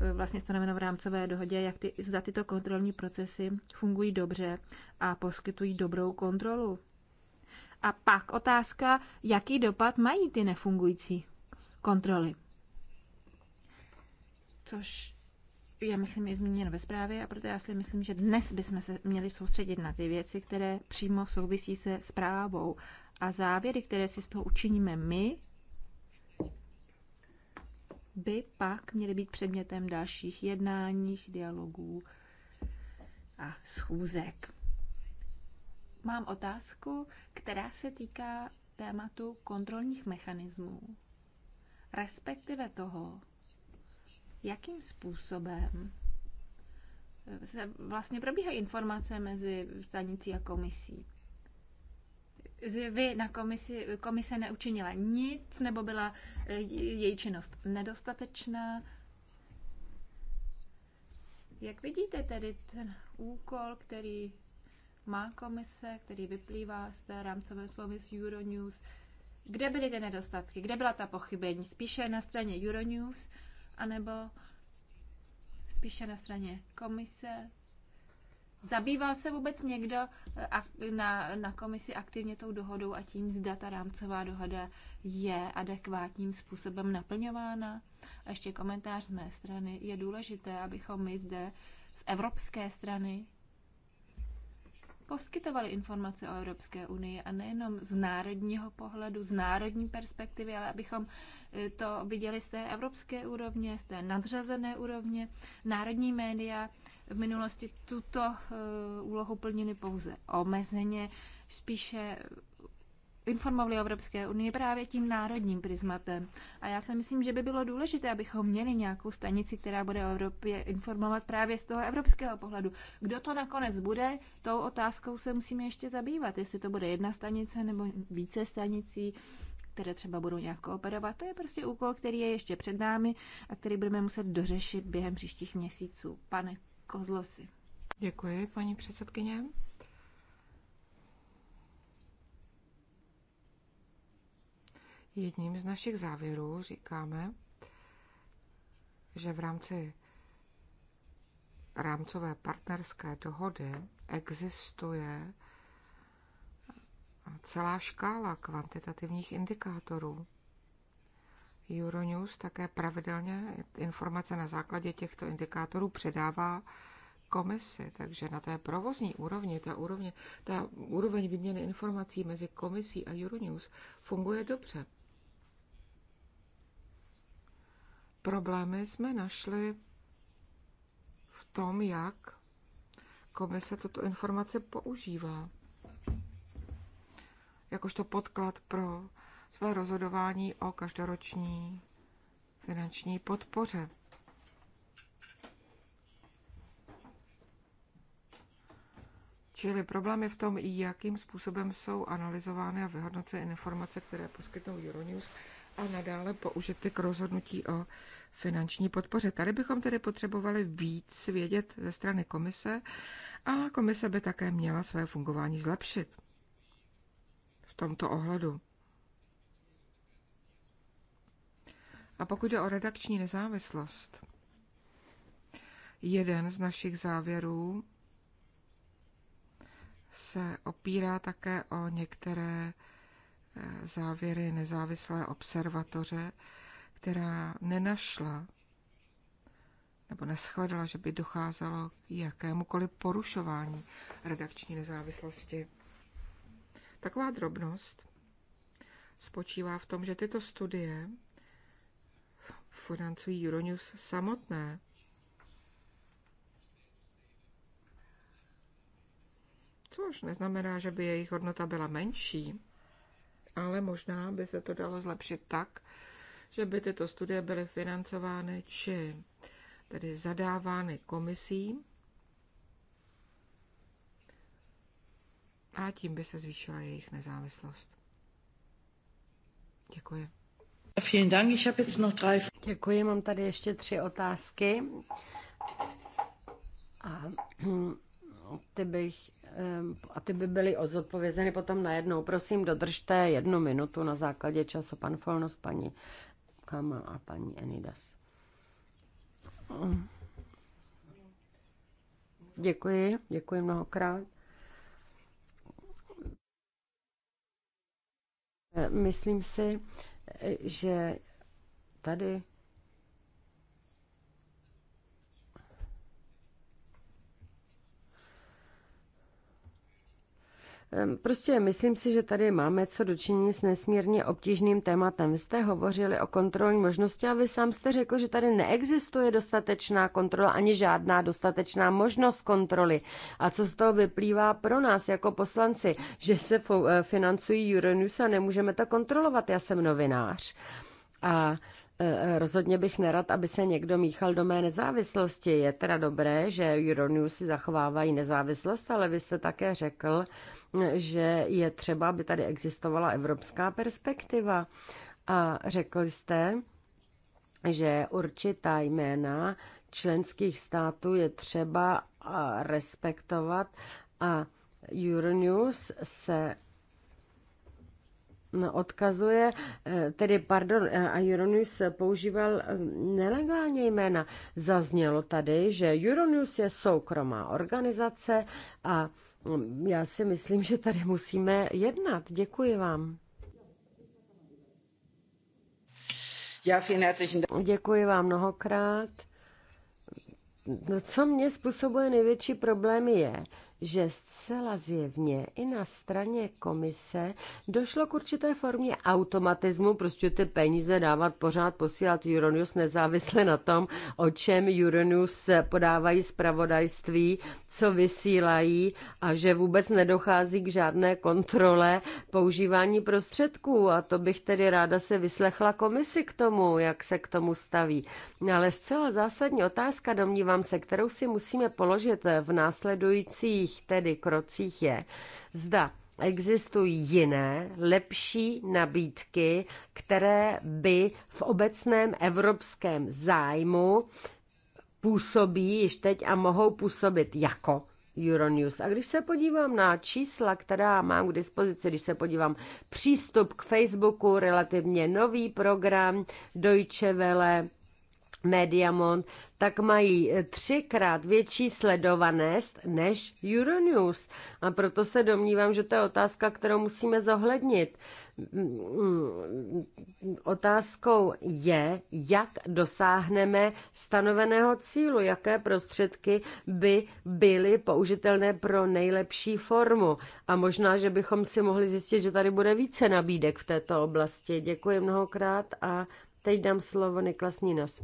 eh, vlastně stanoveno v rámcové dohodě, jak ty, zda tyto kontrolní procesy fungují dobře a poskytují dobrou kontrolu. A pak otázka, jaký dopad mají ty nefungující kontroly což já myslím, je zmíněno ve zprávě a proto já si myslím, že dnes bychom se měli soustředit na ty věci, které přímo souvisí se zprávou a závěry, které si z toho učiníme my, by pak měly být předmětem dalších jednáních, dialogů a schůzek. Mám otázku, která se týká tématu kontrolních mechanismů, respektive toho, jakým způsobem se vlastně probíhají informace mezi stanicí a komisí. Vy na komisi, komise neučinila nic, nebo byla eh, její činnost nedostatečná. Jak vidíte tedy ten úkol, který má komise, který vyplývá z té rámcové slovy z Euronews, kde byly ty nedostatky, kde byla ta pochybení? Spíše na straně Euronews, anebo spíše na straně komise. Zabýval se vůbec někdo eh, na, na komisi aktivně tou dohodou a tím, zda ta rámcová dohoda je adekvátním způsobem naplňována? A ještě komentář z mé strany. Je důležité, abychom my zde z evropské strany poskytovali informace o Evropské unii a nejenom z národního pohledu, z národní perspektivy, ale abychom eh, to viděli z té evropské úrovně, z té nadřazené úrovně. Národní média v minulosti tuto eh, úlohu plnili pouze omezeně, spíše informovali o Evropské unii právě tím národním prismatem. A já si myslím, že by bylo důležité, abychom měli nějakou stanici, která bude o Evropě informovat právě z toho evropského pohledu. Kdo to nakonec bude, tou otázkou se musíme ještě zabývat. Jestli to bude jedna stanice nebo více stanicí, které třeba budou nějak kooperovat. To je prostě úkol, který je ještě před námi a který budeme muset dořešit během příštích měsíců. Pane Kozlosi. Děkuji, paní předsedkyně. Jedním z našich závěrů říkáme, že v rámci rámcové partnerské dohody existuje celá škála kvantitativních indikátorů. Euronews také pravidelně informace na základě těchto indikátorů předává komisi, takže na té provozní úrovni, ta, úrovně, ta úroveň výměny informací mezi komisí a Euronews funguje dobře. problémy jsme našli v tom, jak komise tuto informaci používá jakožto podklad pro své rozhodování o každoroční finanční podpoře. Čili problém je v tom, jakým způsobem jsou analyzovány a vyhodnoceny informace, které poskytnou Euronews a nadále použity k rozhodnutí o finanční podpoře. Tady bychom tedy potřebovali víc vědět ze strany komise a komise by také měla své fungování zlepšit v tomto ohledu. A pokud jde o redakční nezávislost, jeden z našich závěrů se opírá také o některé závěry nezávislé observatoře, která nenašla nebo neschledala, že by docházelo k jakémukoliv porušování redakční nezávislosti. Taková drobnost spočívá v tom, že tyto studie financují Euronews samotné. Což neznamená, že by jejich hodnota byla menší, ale možná by se to dalo zlepšit tak, že by tyto studie byly financovány či tedy zadávány komisí a tím by se zvýšila jejich nezávislost. Děkuji. Děkuji, mám tady ještě tři otázky. A hm, ty bych, a ty by byly odpovězeny potom najednou. Prosím, dodržte jednu minutu na základě času. Pan Folnos, paní Kama a paní Enidas. Děkuji, děkuji mnohokrát. Myslím si, že tady Prostě myslím si, že tady máme co dočinit s nesmírně obtížným tématem. Vy jste hovořili o kontrolní možnosti a vy sám jste řekl, že tady neexistuje dostatečná kontrola ani žádná dostatečná možnost kontroly. A co z toho vyplývá pro nás jako poslanci, že se eh, financují Euronews a nemůžeme to kontrolovat. Já jsem novinář. A Eh, eh, rozhodně bych nerad, aby se někdo míchal do mé nezávislosti. Je teda dobré, že Euronews si zachovávají nezávislost, ale vy jste také řekl, že je třeba, aby tady existovala evropská perspektiva. A řekl jste, že určitá jména členských států je třeba eh, respektovat a Euronews se odkazuje, eh, tedy pardon, eh, a Euronymous používal eh, nelegálně jména. Zaznělo tady, že Euronymous je soukromá organizace a mm, já si myslím, že tady musíme jednat. Děkuji vám. Děkuji vám mnohokrát. No, co mě způsobuje největší problémy je, že zcela zjevně i na straně komise došlo k určité formě automatismu, prostě ty peníze dávat pořád posílat Uranus nezávisle na tom, o čem Uranus podávají zpravodajství, co vysílají a že vůbec nedochází k žádné kontrole používání prostředků a to bych tedy ráda se vyslechla komisi k tomu, jak se k tomu staví. Ale zcela zásadní otázka, domnívám se, kterou si musíme položit v následujících dalších tedy krocích je, zda existují jiné, lepší nabídky, které by v obecném evropském zájmu působí již teď a mohou působit jako Euronews. A když se podívám na čísla, která mám k dispozici, když se podívám přístup k Facebooku, relativně nový program Deutsche Welle, Mediamont, tak mají eh, třikrát větší sledovanost než Euronews. A proto se domnívám, že to je otázka, kterou musíme zohlednit. Mm, mm, otázkou je, jak dosáhneme stanoveného cílu, jaké prostředky by byly použitelné pro nejlepší formu. A možná, že bychom si mohli zjistit, že tady bude více nabídek v této oblasti. Děkuji mnohokrát a teď dám slovo Niklas Ninas.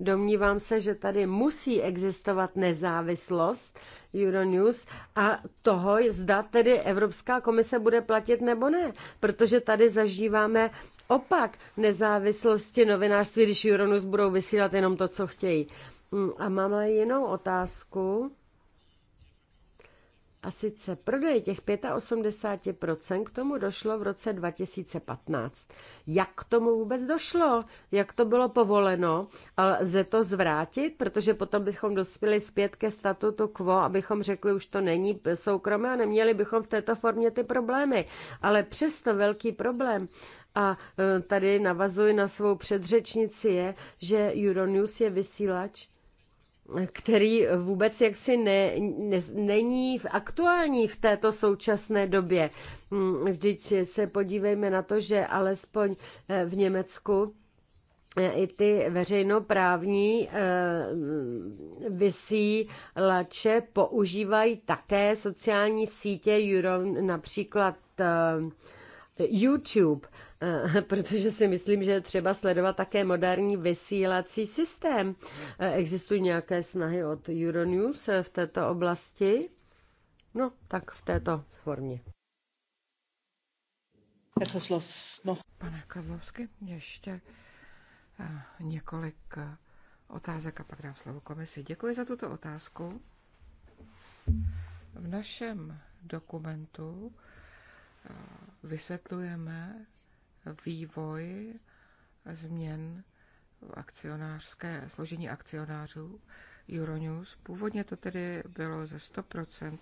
Domnívám se, že tady musí existovat nezávislost Euronews a toho, zda tedy Evropská komise bude platit nebo ne, protože tady zažíváme opak nezávislosti novinářství, když Euronews budou vysílat jenom to, co chtějí. Mm, a mám jinou otázku. A sice prodej těch 85% k tomu došlo v roce 2015. Jak k tomu vůbec došlo? Jak to bylo povoleno? Ale lze to zvrátit? Protože potom bychom dospěli zpět ke statutu quo, abychom řekli, už to není soukromé a neměli bychom v této formě ty problémy. Ale přesto velký problém. A e, tady navazuji na svou předřečnici je, že Euronews je vysílač, který vůbec jaksi ne, ne, není aktuální v této současné době. Hmm, vždyť se podívejme na to, že alespoň eh, v Německu eh, i ty veřejnoprávní eh, vysílače používají také sociální sítě, například YouTube. Eh, protože si myslím, že je třeba sledovat také moderní vysílací systém. Eh, existují nějaké snahy od Euronews eh, v této oblasti? No, tak v této formě. No. Pane Kozlovsky, ještě několik otázek a pak dám slovo komisi. Děkuji za tuto otázku. V našem dokumentu vysvětlujeme, vývoj změn v akcionářské, složení akcionářů Euronews. Původně to tedy bylo ze 100%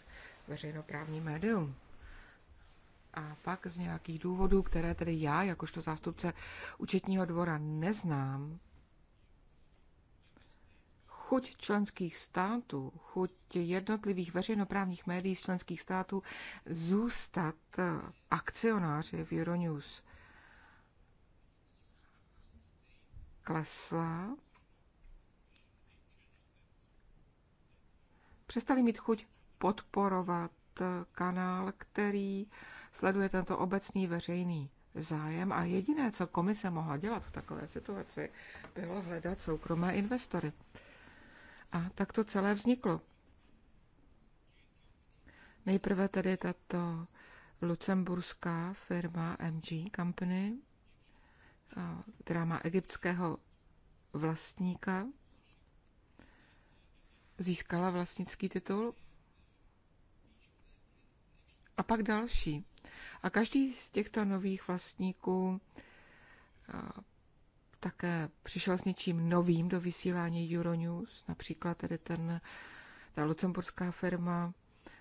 veřejnoprávní médium. A pak z nějakých důvodů, které tedy já, jakožto zástupce účetního dvora, neznám, chuť členských států, chuť jednotlivých veřejnoprávních médií z členských států zůstat akcionáři v Euronews klesla. Přestali mít chuť podporovat kanál, který sleduje tento obecný veřejný zájem a jediné, co komise mohla dělat v takové situaci, bylo hledat soukromé investory. A tak to celé vzniklo. Nejprve tedy tato lucemburská firma MG Company, která má egyptského vlastníka, získala vlastnický titul a pak další. A každý z těchto nových vlastníků také přišel s něčím novým do vysílání Euronews, například tedy ten, ta lucemburská firma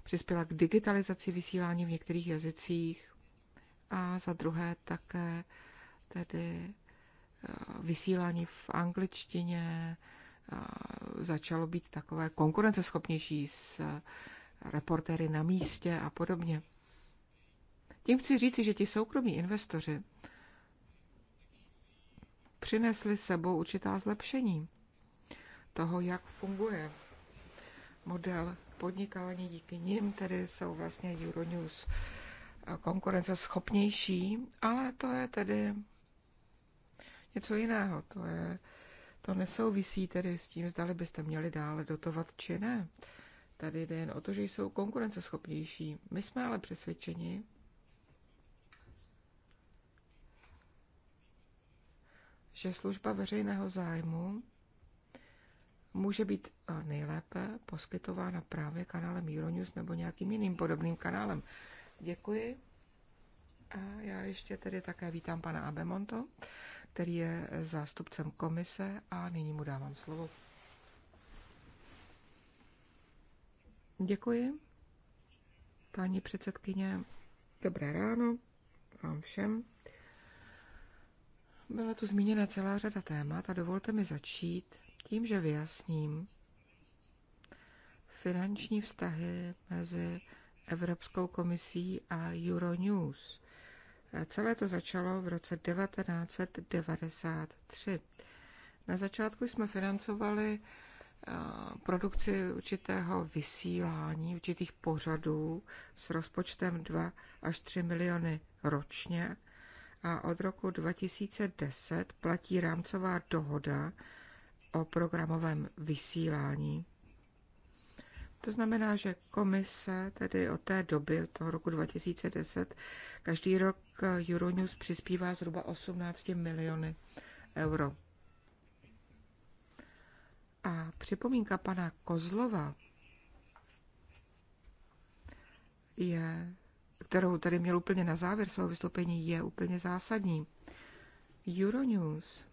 přispěla k digitalizaci vysílání v některých jazycích a za druhé také tedy eh, vysílání v angličtině začalo být takové konkurenceschopnější s eh, reportéry na místě a podobně. Tím chci říci, že ti soukromí investoři přinesli sebou určitá zlepšení toho, jak funguje model podnikání. Díky nim tedy jsou vlastně Euronews eh, konkurenceschopnější, ale to je tedy něco jiného. To, je, to nesouvisí tedy s tím, zdali byste měli dále dotovat či ne. Tady jde jen o to, že jsou konkurenceschopnější. My jsme ale přesvědčeni, že služba veřejného zájmu může být eh, nejlépe poskytována právě kanálem Euronews nebo nějakým jiným podobným kanálem. Děkuji. A já ještě tedy také vítám pana Abemonto který je zástupcem komise a nyní mu dávám slovo. Děkuji. Paní předsedkyně, dobré ráno vám všem. Byla tu zmíněna celá řada témat a dovolte mi začít tím, že vyjasním finanční vztahy mezi Evropskou komisí a Euronews. Celé to začalo v roce 1993. Na začátku jsme financovali eh, produkci určitého vysílání, určitých pořadů s rozpočtem 2 až 3 miliony ročně a od roku 2010 platí rámcová dohoda o programovém vysílání to znamená, že komise tedy od té doby, od toho roku 2010, každý rok Euronews přispívá zhruba 18 miliony euro. A připomínka pana Kozlova je, kterou tady měl úplně na závěr svého vystoupení, je úplně zásadní. Euronews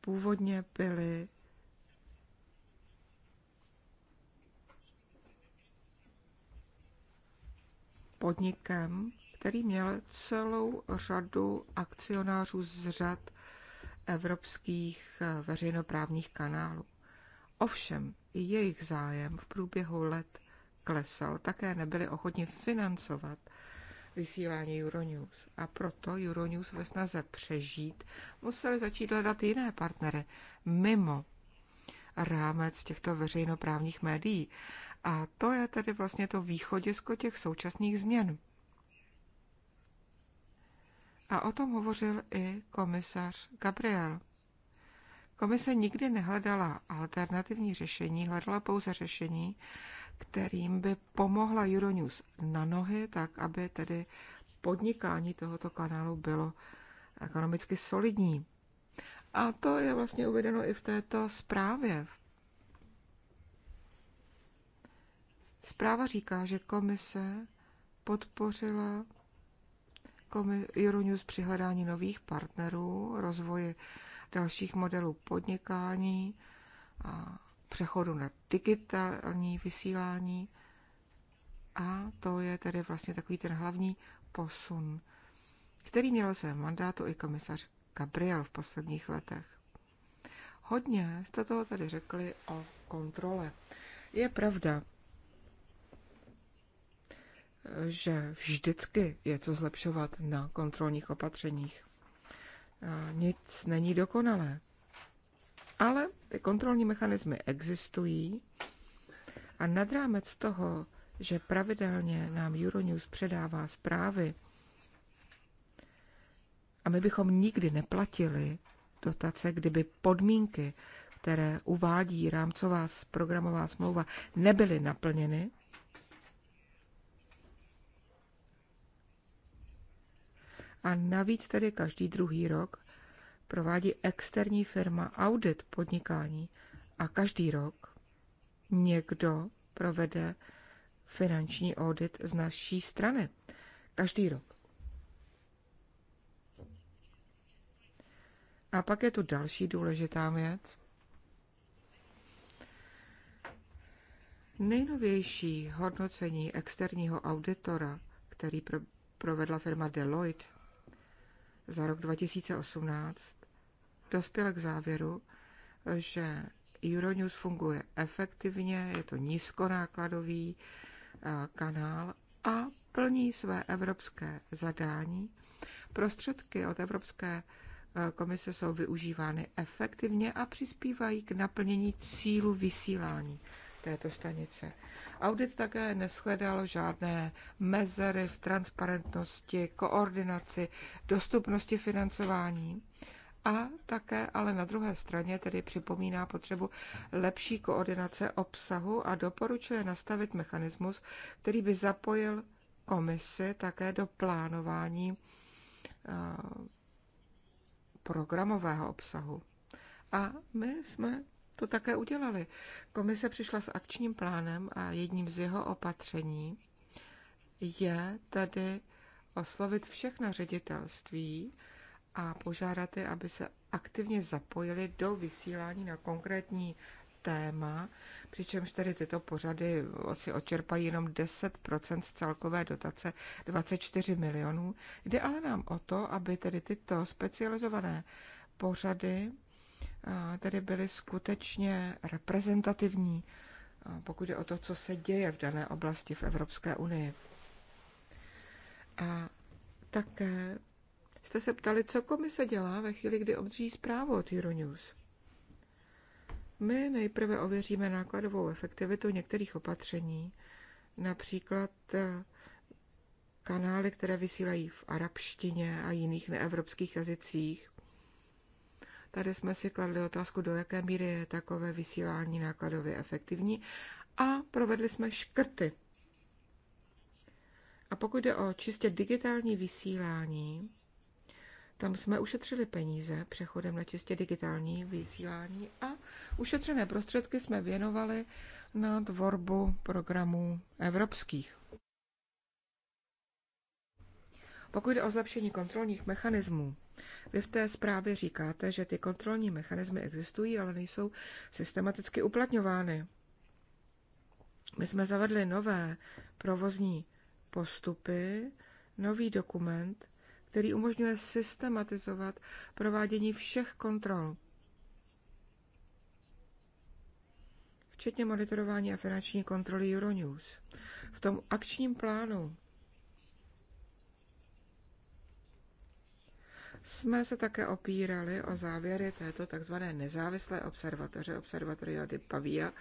původně byly podnikem, který měl celou řadu akcionářů z řad evropských eh, veřejnoprávních kanálů. Ovšem, jejich zájem v průběhu let klesal, také nebyli ochotni financovat vysílání Euronews. A proto Euronews ve snaze přežít museli začít hledat jiné partnery mimo rámec těchto veřejnoprávních médií. A to je tedy vlastně to východisko těch současných změn. A o tom hovořil i komisař Gabriel. Komise nikdy nehledala alternativní řešení, hledala pouze řešení, kterým by pomohla Euronews na nohy, tak aby tedy podnikání tohoto kanálu bylo ekonomicky solidní. A to je vlastně uvedeno i v této zprávě, v Zpráva říká, že komise podpořila Euronews při hledání nových partnerů, rozvoji dalších modelů podnikání a přechodu na digitální vysílání. A to je tedy vlastně takový ten hlavní posun, který měl své mandátu i komisař Gabriel v posledních letech. Hodně jste toho tady řekli o kontrole. Je pravda, že vždycky je co zlepšovat na kontrolních opatřeních. Nic není dokonalé. Ale ty kontrolní mechanismy existují a nad rámec toho, že pravidelně nám Euronews předává zprávy a my bychom nikdy neplatili dotace, kdyby podmínky, které uvádí rámcová programová smlouva, nebyly naplněny, a navíc tady každý druhý rok provádí externí firma audit podnikání a každý rok někdo provede finanční audit z naší strany. Každý rok. A pak je tu další důležitá věc. Nejnovější hodnocení externího auditora, který provedla firma Deloitte, za rok 2018 dospěl k závěru, že Euronews funguje efektivně, je to nízkonákladový eh, kanál a plní své evropské zadání. Prostředky od Evropské eh, komise jsou využívány efektivně a přispívají k naplnění cílu vysílání této stanice. Audit také neschledal žádné mezery v transparentnosti, koordinaci, dostupnosti financování. A také ale na druhé straně tedy připomíná potřebu lepší koordinace obsahu a doporučuje nastavit mechanismus, který by zapojil komisi také do plánování eh, programového obsahu. A my jsme to také udělali. Komise přišla s akčním plánem a jedním z jeho opatření je tedy oslovit všechna ředitelství a požádat je, aby se aktivně zapojili do vysílání na konkrétní téma, přičemž tedy tyto pořady si očerpají jenom 10% z celkové dotace 24 milionů. Jde ale nám o to, aby tedy tyto specializované pořady tedy byly skutečně reprezentativní, pokud je o to, co se děje v dané oblasti v Evropské unii. A také jste se ptali, co komise dělá ve chvíli, kdy obdrží zprávu od Euronews. My nejprve ověříme nákladovou efektivitu některých opatření, například eh, kanály, které vysílají v arabštině a jiných neevropských jazycích, Tady jsme si kladli otázku, do jaké míry je takové vysílání nákladově efektivní a provedli jsme škrty. A pokud jde o čistě digitální vysílání, tam jsme ušetřili peníze přechodem na čistě digitální vysílání a ušetřené prostředky jsme věnovali na tvorbu programů evropských. Pokud jde o zlepšení kontrolních mechanismů, vy v té zprávě říkáte, že ty kontrolní mechanismy existují, ale nejsou systematicky uplatňovány. My jsme zavedli nové provozní postupy, nový dokument, který umožňuje systematizovat provádění všech kontrol, včetně monitorování a finanční kontroly Euronews. V tom akčním plánu jsme se také opírali o závěry této tzv. nezávislé observatoře, Observatoria di Pavia,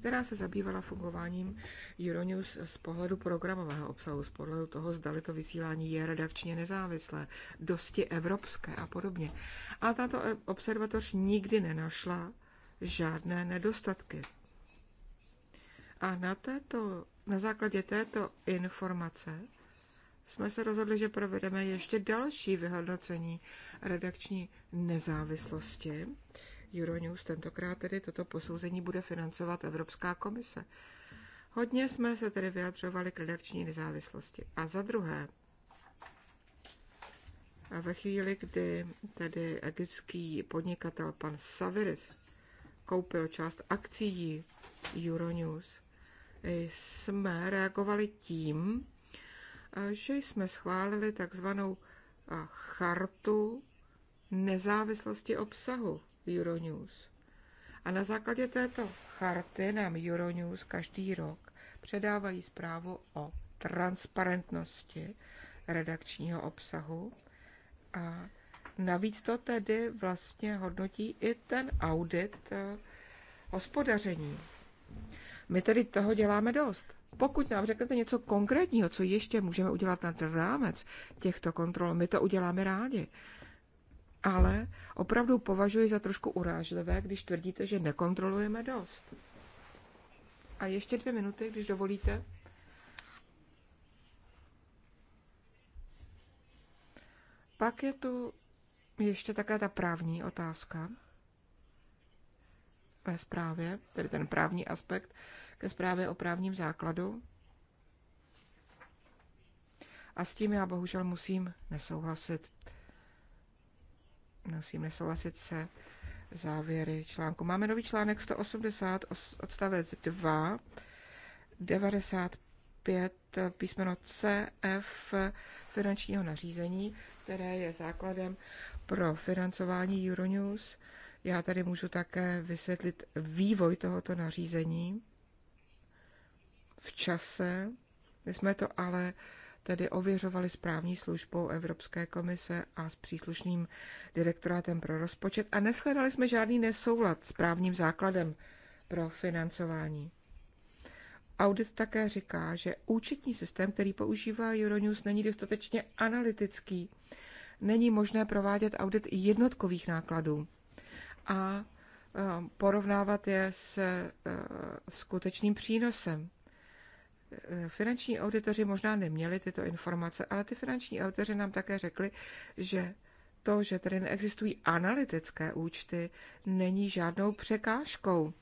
která se zabývala fungováním Euronews z pohledu programového obsahu, z pohledu toho, zdali to vysílání je redakčně nezávislé, dosti evropské a podobně. A tato observatoř nikdy nenašla žádné nedostatky. A na, této, na základě této informace jsme se rozhodli, že provedeme ještě další vyhodnocení redakční nezávislosti. Euronews tentokrát tedy toto posouzení bude financovat Evropská komise. Hodně jsme se tedy vyjadřovali k redakční nezávislosti. A za druhé, a ve chvíli, kdy tedy egyptský podnikatel pan Saviris koupil část akcí Euronews, jsme reagovali tím, že jsme schválili takzvanou chartu nezávislosti obsahu Euronews. A na základě této charty nám Euronews každý rok předávají zprávu o transparentnosti redakčního obsahu a navíc to tedy vlastně hodnotí i ten audit hospodaření. My tedy toho děláme dost. Pokud nám řeknete něco konkrétního, co ještě můžeme udělat na ten rámec těchto kontrol, my to uděláme rádi. Ale opravdu považuji za trošku urážlivé, když tvrdíte, že nekontrolujeme dost. A ještě dvě minuty, když dovolíte. Pak je tu ještě také ta právní otázka ve zprávě, tedy ten právní aspekt té zprávě o právním základu. A s tím já bohužel musím nesouhlasit. Musím nesouhlasit se závěry článku. Máme nový článek 180 odstavec 2, 95 písmeno CF finančního nařízení, které je základem pro financování Euronews. Já tady můžu také vysvětlit vývoj tohoto nařízení v čase. My jsme to ale tedy ověřovali s právní službou Evropské komise a s příslušným direktorátem pro rozpočet a neshledali jsme žádný nesoulad s právním základem pro financování. Audit také říká, že účetní systém, který používá Euronews, není dostatečně analytický. Není možné provádět audit jednotkových nákladů a eh, porovnávat je s eh, skutečným přínosem finanční auditoři možná neměli tyto informace, ale ty finanční auditoři nám také řekli, že to, že tady neexistují analytické účty, není žádnou překážkou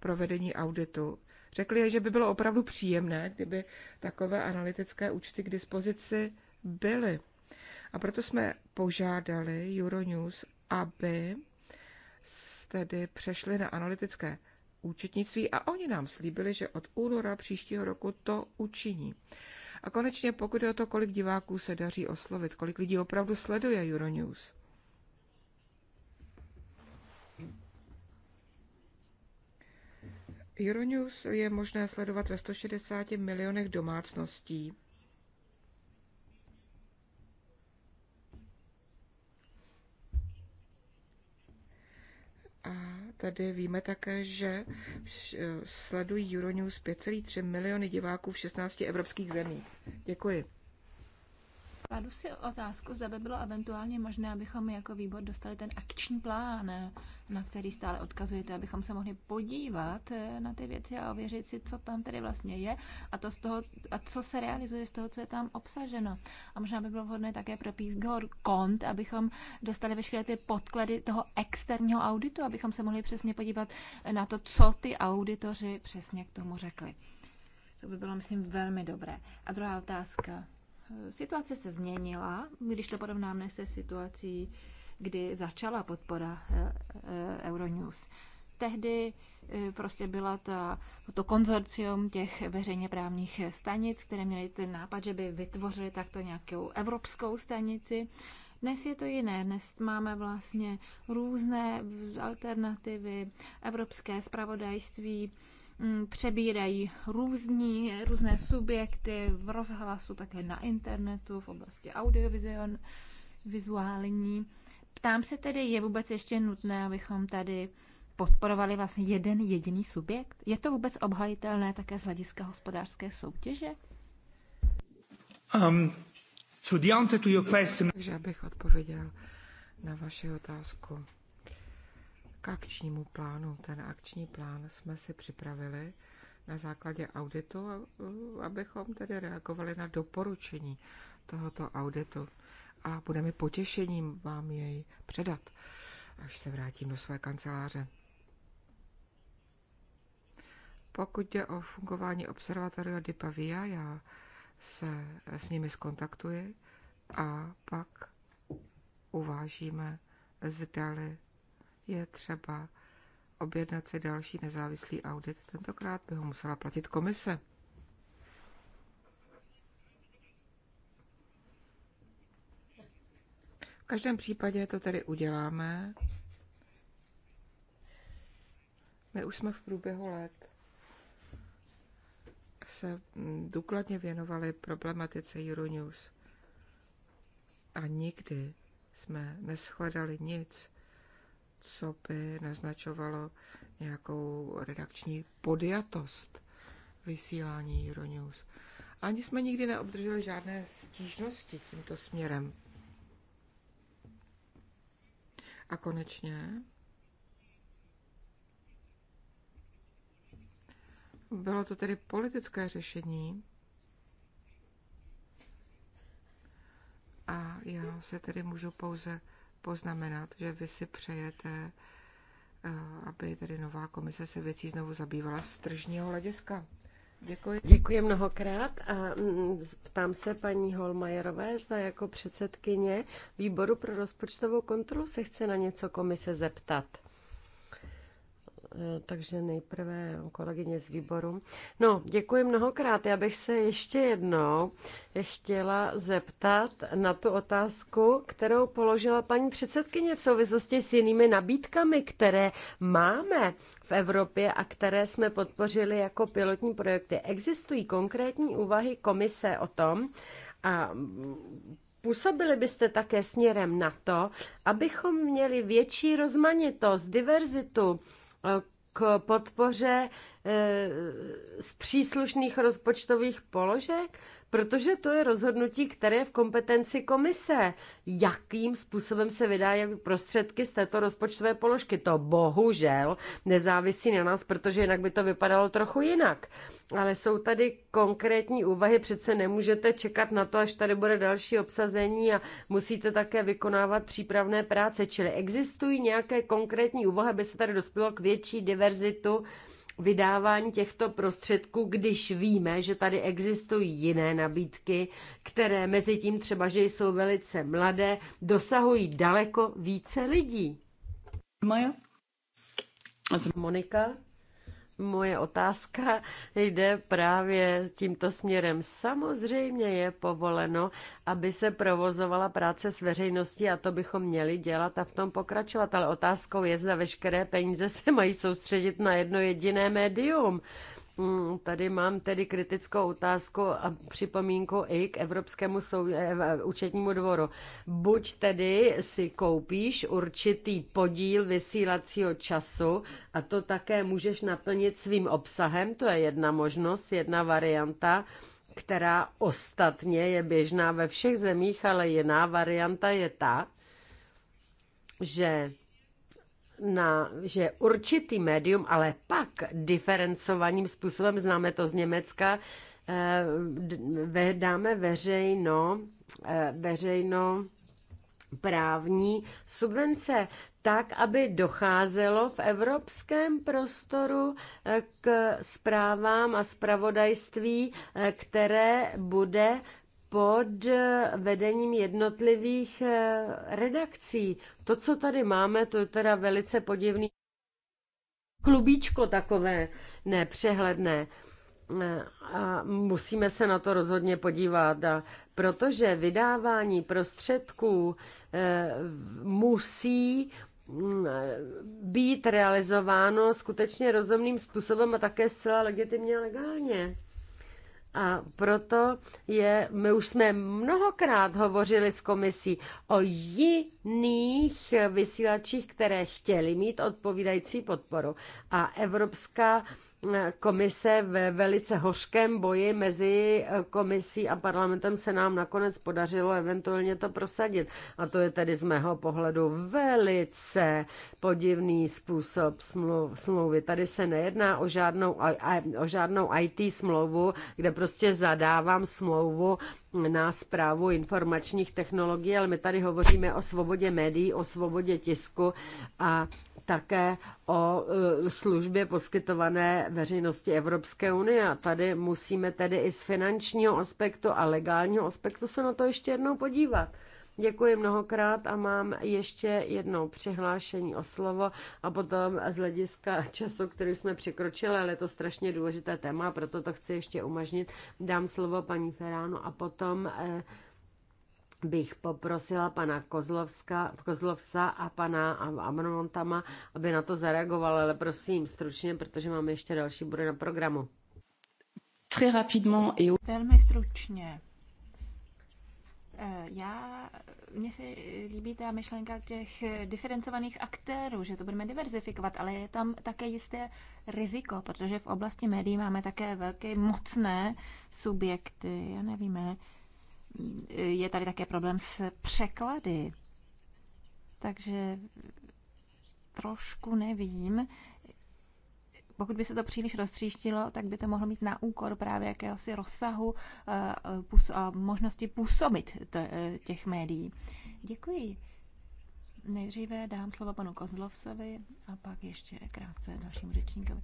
pro vedení auditu. Řekli, že by bylo opravdu příjemné, kdyby takové analytické účty k dispozici byly. A proto jsme požádali Euronews, aby tedy přešli na analytické účetnictví a oni nám slíbili, že od února příštího roku to učiní. A konečně pokud je o to, kolik diváků se daří oslovit, kolik lidí opravdu sleduje Euronews. Euronews je možné sledovat ve 160 milionech domácností tady víme také, že sledují Euronews 5,3 miliony diváků v 16 evropských zemích. Děkuji. Kladu si otázku, zda by bylo eventuálně možné, abychom jako výbor dostali ten akční plán, eh, na který stále odkazujete, abychom se mohli podívat eh, na ty věci a ověřit si, co tam tedy vlastně je a, to z toho, a co se realizuje z toho, co je tam obsaženo. A možná by bylo vhodné také pro výbor kont, abychom dostali veškeré ty podklady toho externího auditu, abychom se mohli přesně podívat eh, na to, co ty auditoři přesně k tomu řekli. To by bylo, myslím, velmi dobré. A druhá otázka. Situace se změnila, když to porovnáme se situací, kdy začala podpora eh, eh, Euronews. Tehdy eh, prostě byla ta, to konzorcium těch veřejně právních stanic, které měly ten nápad, že by vytvořili takto nějakou evropskou stanici. Dnes je to jiné, dnes máme vlastně různé alternativy, evropské spravodajství, Mm, přebírají různí, různé subjekty v rozhlasu, také na internetu, v oblasti audiovizuální. Ptám se tedy, je vůbec ještě nutné, abychom tady podporovali vlastně jeden jediný subjekt? Je to vůbec obhajitelné také z hlediska hospodářské soutěže? Um, so the answer to your question... Takže abych odpověděl na vaši otázku k akčnímu plánu. Ten akční plán jsme si připravili na základě auditu, abychom tedy reagovali na doporučení tohoto auditu. A bude mi potěšením vám jej předat, až se vrátím do své kanceláře. Pokud jde o fungování observatoria di Pavia, já se s nimi skontaktuji a pak uvážíme, zdali je třeba objednat si další nezávislý audit. Tentokrát by ho musela platit komise. V každém případě to tedy uděláme. My už jsme v průběhu let se mm, důkladně věnovali problematice Euronews a nikdy jsme neschledali nic, co by naznačovalo nějakou redakční podjatost vysílání Euronews. Ani jsme nikdy neobdrželi žádné stížnosti tímto směrem. A konečně bylo to tedy politické řešení, a já se tedy můžu pouze poznamenat, že vy si přejete, eh, aby tedy nová komise se věcí znovu zabývala z tržního hlediska. Děkuji. Děkuji mnohokrát a mm, ptám se paní Holmajerové, zda jako předsedkyně výboru pro rozpočtovou kontrolu se chce na něco komise zeptat. Eh, takže nejprve kolegyně z výboru. No, děkuji mnohokrát. Já bych se ještě jednou chtěla zeptat na tu otázku, kterou položila paní předsedkyně v souvislosti s jinými nabídkami, které máme v Evropě a které jsme podpořili jako pilotní projekty. Existují konkrétní úvahy komise o tom, a působili byste také směrem na to, abychom měli větší rozmanitost, diverzitu k podpoře eh, z příslušných rozpočtových položek? protože to je rozhodnutí, které je v kompetenci komise. Jakým způsobem se vydají prostředky z této rozpočtové položky? To bohužel nezávisí na nás, protože jinak by to vypadalo trochu jinak. Ale jsou tady konkrétní úvahy, přece nemůžete čekat na to, až tady bude další obsazení a musíte také vykonávat přípravné práce. Čili existují nějaké konkrétní úvahy, aby se tady dospělo k větší diverzitu vydávání těchto prostředků, když víme, že tady existují jiné nabídky, které mezi tím třeba, že jsou velice mladé, dosahují daleko více lidí. Maja? Monika? Moje otázka jde právě tímto směrem. Samozřejmě je povoleno, aby se provozovala práce s veřejností a to bychom měli dělat a v tom pokračovat. Ale otázkou je, zda veškeré peníze se mají soustředit na jedno jediné médium. Mm, tady mám tedy kritickou otázku a připomínku i k Evropskému sou... E, e, účetnímu dvoru. Buď tedy si koupíš určitý podíl vysílacího času a to také můžeš naplnit svým obsahem, to je jedna možnost, jedna varianta, která ostatně je běžná ve všech zemích, ale jiná varianta je ta, že na, že určitý médium, ale pak diferencovaným způsobem, známe to z Německa, eh, dáme veřejno, eh, veřejno právní subvence, tak, aby docházelo v evropském prostoru eh, k zprávám a zpravodajství, které bude pod vedením jednotlivých eh, redakcí. To, co tady máme, to je teda velice podivný klubíčko takové nepřehledné. Eh, a musíme se na to rozhodně podívat, a protože vydávání prostředků eh, musí mm, být realizováno skutečně rozumným způsobem a také zcela legitimně legálně. A proto je, my už jsme mnohokrát hovořili s komisí o jiných vysílačích, které chtěli mít odpovídající podporu. A Evropská komise ve velice hořkém boji mezi komisí a parlamentem se nám nakonec podařilo eventuálně to prosadit. A to je tedy z mého pohledu velice podivný způsob smluv, smlouvy. Tady se nejedná o žádnou, o žádnou IT smlouvu, kde prostě zadávám smlouvu na zprávu informačních technologií, ale my tady hovoříme o svobodě médií, o svobodě tisku a také o e, službě poskytované veřejnosti Evropské unie. A tady musíme tedy i z finančního aspektu a legálního aspektu se na to ještě jednou podívat. Děkuji mnohokrát a mám ještě jednou přihlášení o slovo a potom z hlediska času, který jsme překročili, ale je to strašně důležité téma, proto to chci ještě umažnit. Dám slovo paní Feránu a potom eh, bych poprosila pana Kozlovska, Kozlovsa a pana Amrontama, aby na to zareagoval, ale prosím stručně, protože máme ještě další body na programu. Très rapidement et. Velmi stručně. Eh, já, mně se líbí ta myšlenka těch diferencovaných aktérů, že to budeme diverzifikovat, ale je tam také jisté riziko, protože v oblasti médií máme také velké mocné subjekty, já nevíme, eh, je tady také problém s překlady. Takže trošku nevím, pokud by se to příliš roztříštilo, tak by to mohlo mít na úkor právě jakéhosi rozsahu eh, eh, a možnosti působit eh, těch médií. Děkuji. Nejdříve dám slovo panu Kozlovsovi a pak ještě krátce dalším řečníkovi.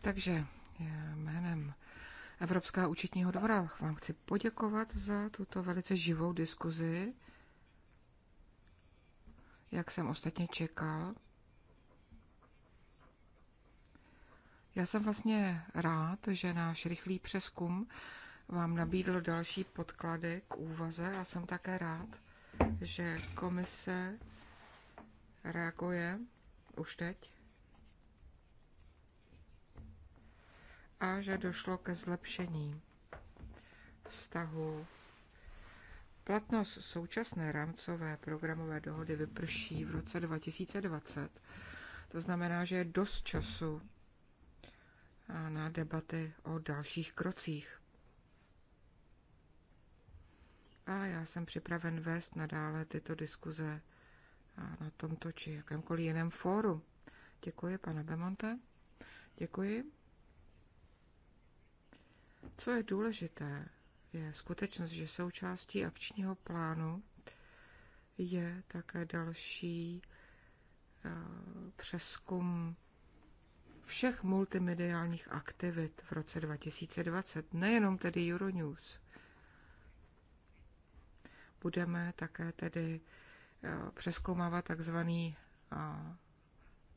Takže jménem Evropská účetního dvora vám chci poděkovat za tuto velice živou diskuzi, jak jsem ostatně čekal. Já jsem vlastně rád, že náš rychlý přeskum vám nabídl další podklady k úvaze a jsem také rád, že komise reaguje už teď a že došlo ke zlepšení vztahu. Platnost současné rámcové programové dohody vyprší v roce 2020. To znamená, že je dost času a na debaty o dalších krocích. A já jsem připraven vést nadále tyto diskuze na tomto či jakémkoliv jiném fóru. Děkuji, pane Bemonte. Děkuji. Co je důležité, je skutečnost, že součástí akčního plánu je také další eh, přeskum všech multimediálních aktivit v roce 2020, nejenom tedy Euronews. Budeme také tedy eh, přeskoumávat takzvaný eh,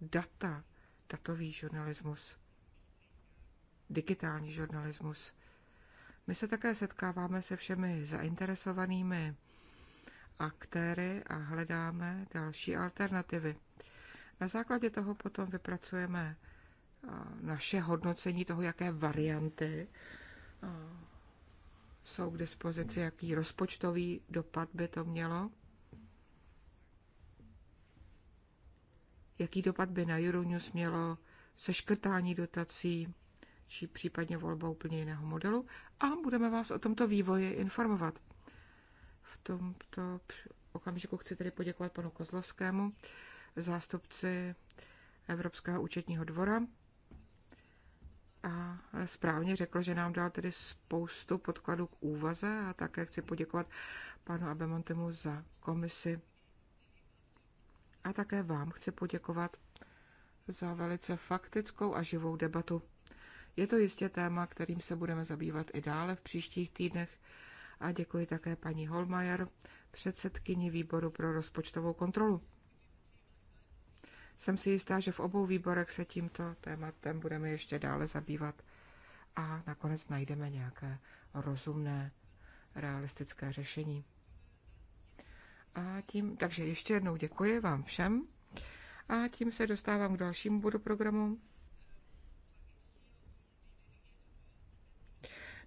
data, datový žurnalismus, digitální žurnalismus. My se také setkáváme se všemi zainteresovanými aktéry a hledáme další alternativy. Na základě toho potom vypracujeme naše hodnocení toho, jaké varianty jsou k dispozici, jaký rozpočtový dopad by to mělo, jaký dopad by na Euronews mělo seškrtání dotací či případně volba úplně jiného modelu a budeme vás o tomto vývoji informovat. V tomto okamžiku chci tedy poděkovat panu Kozlovskému, zástupci Evropského účetního dvora, a správně řekl, že nám dal tedy spoustu podkladů k úvaze a také chci poděkovat panu Abemontemu za komisi. A také vám chci poděkovat za velice faktickou a živou debatu. Je to jistě téma, kterým se budeme zabývat i dále v příštích týdnech. A děkuji také paní Holmajer, předsedkyni výboru pro rozpočtovou kontrolu. Jsem si jistá, že v obou výborech se tímto tématem budeme ještě dále zabývat a nakonec najdeme nějaké rozumné, realistické řešení. A tím, takže ještě jednou děkuji vám všem. A tím se dostávám k dalšímu bodu programu,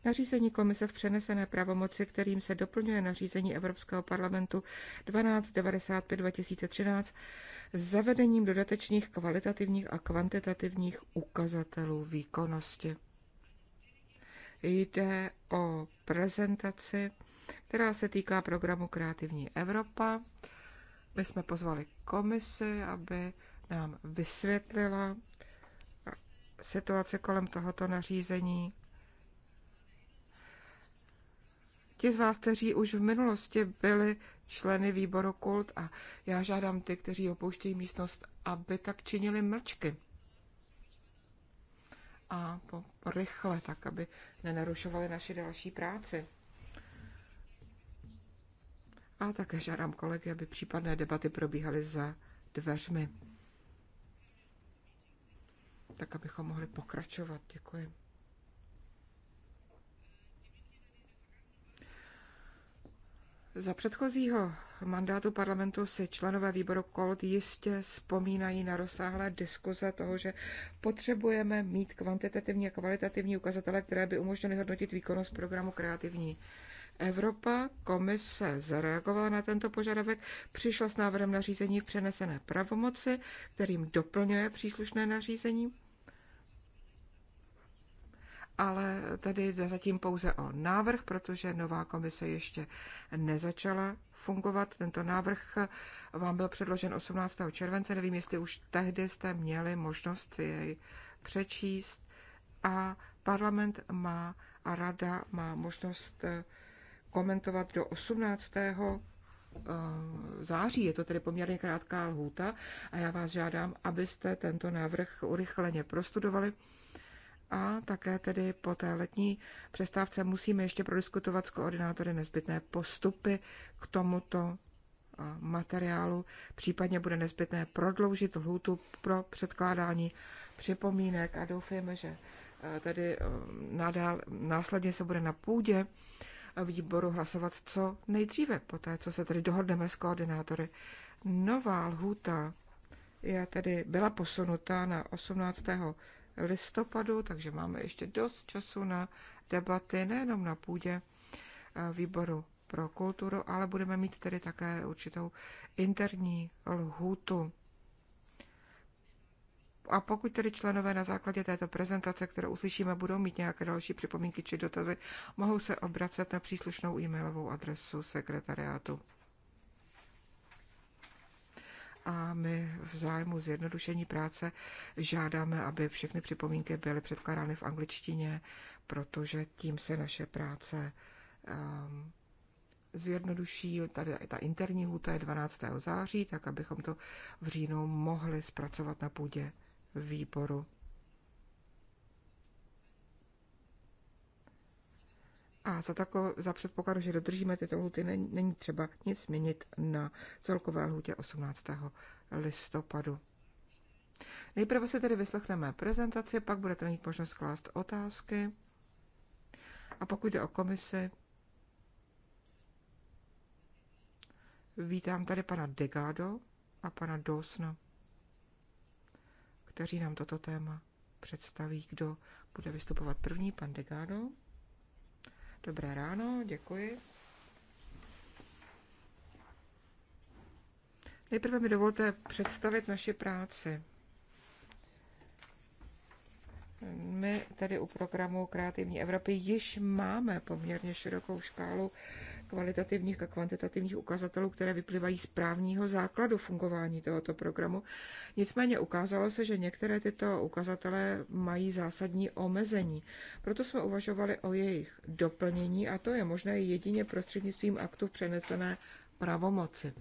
Nařízení komise v přenesené pravomoci, kterým se doplňuje nařízení Evropského parlamentu 1295-2013 zavedením dodatečných kvalitativních a kvantitativních ukazatelů výkonnosti. Jde o prezentaci, která se týká programu Kreativní Evropa. My jsme pozvali komisi, aby nám vysvětlila situace kolem tohoto nařízení ti z vás, kteří už v minulosti byli členy výboru Kult a já žádám ty, kteří opouštějí místnost, aby tak činili mlčky. A po, rychle, tak aby nenarušovali naši další práci. A také žádám kolegy, aby případné debaty probíhaly za dveřmi. Tak abychom mohli pokračovat. Děkuji. Za předchozího mandátu parlamentu si členové výboru KOLT jistě vzpomínají na rozsáhlé diskuze toho, že potřebujeme mít kvantitativní a kvalitativní ukazatele, které by umožnily hodnotit výkonnost programu Kreativní Evropa. Komise zareagovala na tento požadavek, přišla s návrhem nařízení v přenesené pravomoci, kterým doplňuje příslušné nařízení ale tady zatím pouze o návrh, protože nová komise ještě nezačala fungovat. Tento návrh vám byl předložen 18. července, nevím, jestli už tehdy jste měli možnost si jej přečíst a parlament má a rada má možnost eh, komentovat do 18 eh, září, je to tedy poměrně krátká lhůta a já vás žádám, abyste tento návrh urychleně prostudovali a také tedy po té letní přestávce musíme ještě prodiskutovat s koordinátory nezbytné postupy k tomuto materiálu, případně bude nezbytné prodloužit lhůtu pro předkládání připomínek a doufejme, že tedy nadál, následně se bude na půdě výboru hlasovat co nejdříve, poté co se tedy dohodneme s koordinátory. Nová lhůta je tedy, byla posunuta na 18 listopadu, takže máme ještě dost času na debaty, nejenom na půdě eh, výboru pro kulturu, ale budeme mít tedy také určitou interní lhůtu. A pokud tedy členové na základě této prezentace, kterou uslyšíme, budou mít nějaké další připomínky či dotazy, mohou se obracet na příslušnou e-mailovou adresu sekretariátu a my v zájmu zjednodušení práce žádáme, aby všechny připomínky byly předkládány v angličtině, protože tím se naše práce um, zjednoduší. Tady ta interní hůta je 12. září, tak abychom to v říjnu mohli zpracovat na půdě výboru. a za, tako, za předpokladu, že dodržíme tyto lhuty, není, není třeba nic měnit na celkové lhutě 18. listopadu. Nejprve si tedy vyslechneme prezentaci, pak budete mít možnost klást otázky. A pokud jde o komisi, vítám tady pana Degado a pana Dosna, kteří nám toto téma představí, kdo bude vystupovat první, pan Degado. Dobré ráno, děkuji. Nejprve mi dovolte představit naši práci. My tady u programu Kreativní Evropy již máme poměrně širokou škálu kvalitativních a kvantitativních ukazatelů, které vyplývají z právního základu fungování tohoto programu. Nicméně ukázalo se, že některé tyto ukazatele mají zásadní omezení. Proto jsme uvažovali o jejich doplnění a to je možné jedině prostřednictvím aktu přenesené pravomoci.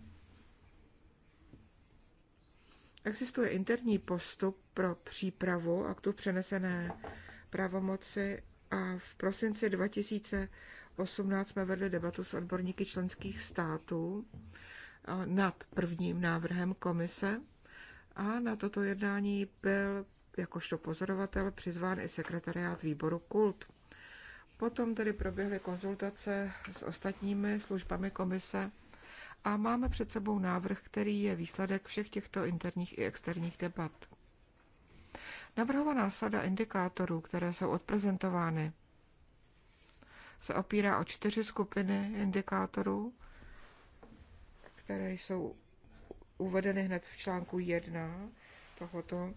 Existuje interní postup pro přípravu aktu přenesené pravomoci a v prosinci 2000 2018 jsme vedli debatu s odborníky členských států nad prvním návrhem komise a na toto jednání byl jakožto pozorovatel přizván i sekretariát výboru KULT. Potom tedy proběhly konzultace s ostatními službami komise a máme před sebou návrh, který je výsledek všech těchto interních i externích debat. Navrhovaná sada indikátorů, které jsou odprezentovány se opírá o čtyři skupiny indikátorů, které jsou uvedeny hned v článku 1 tohoto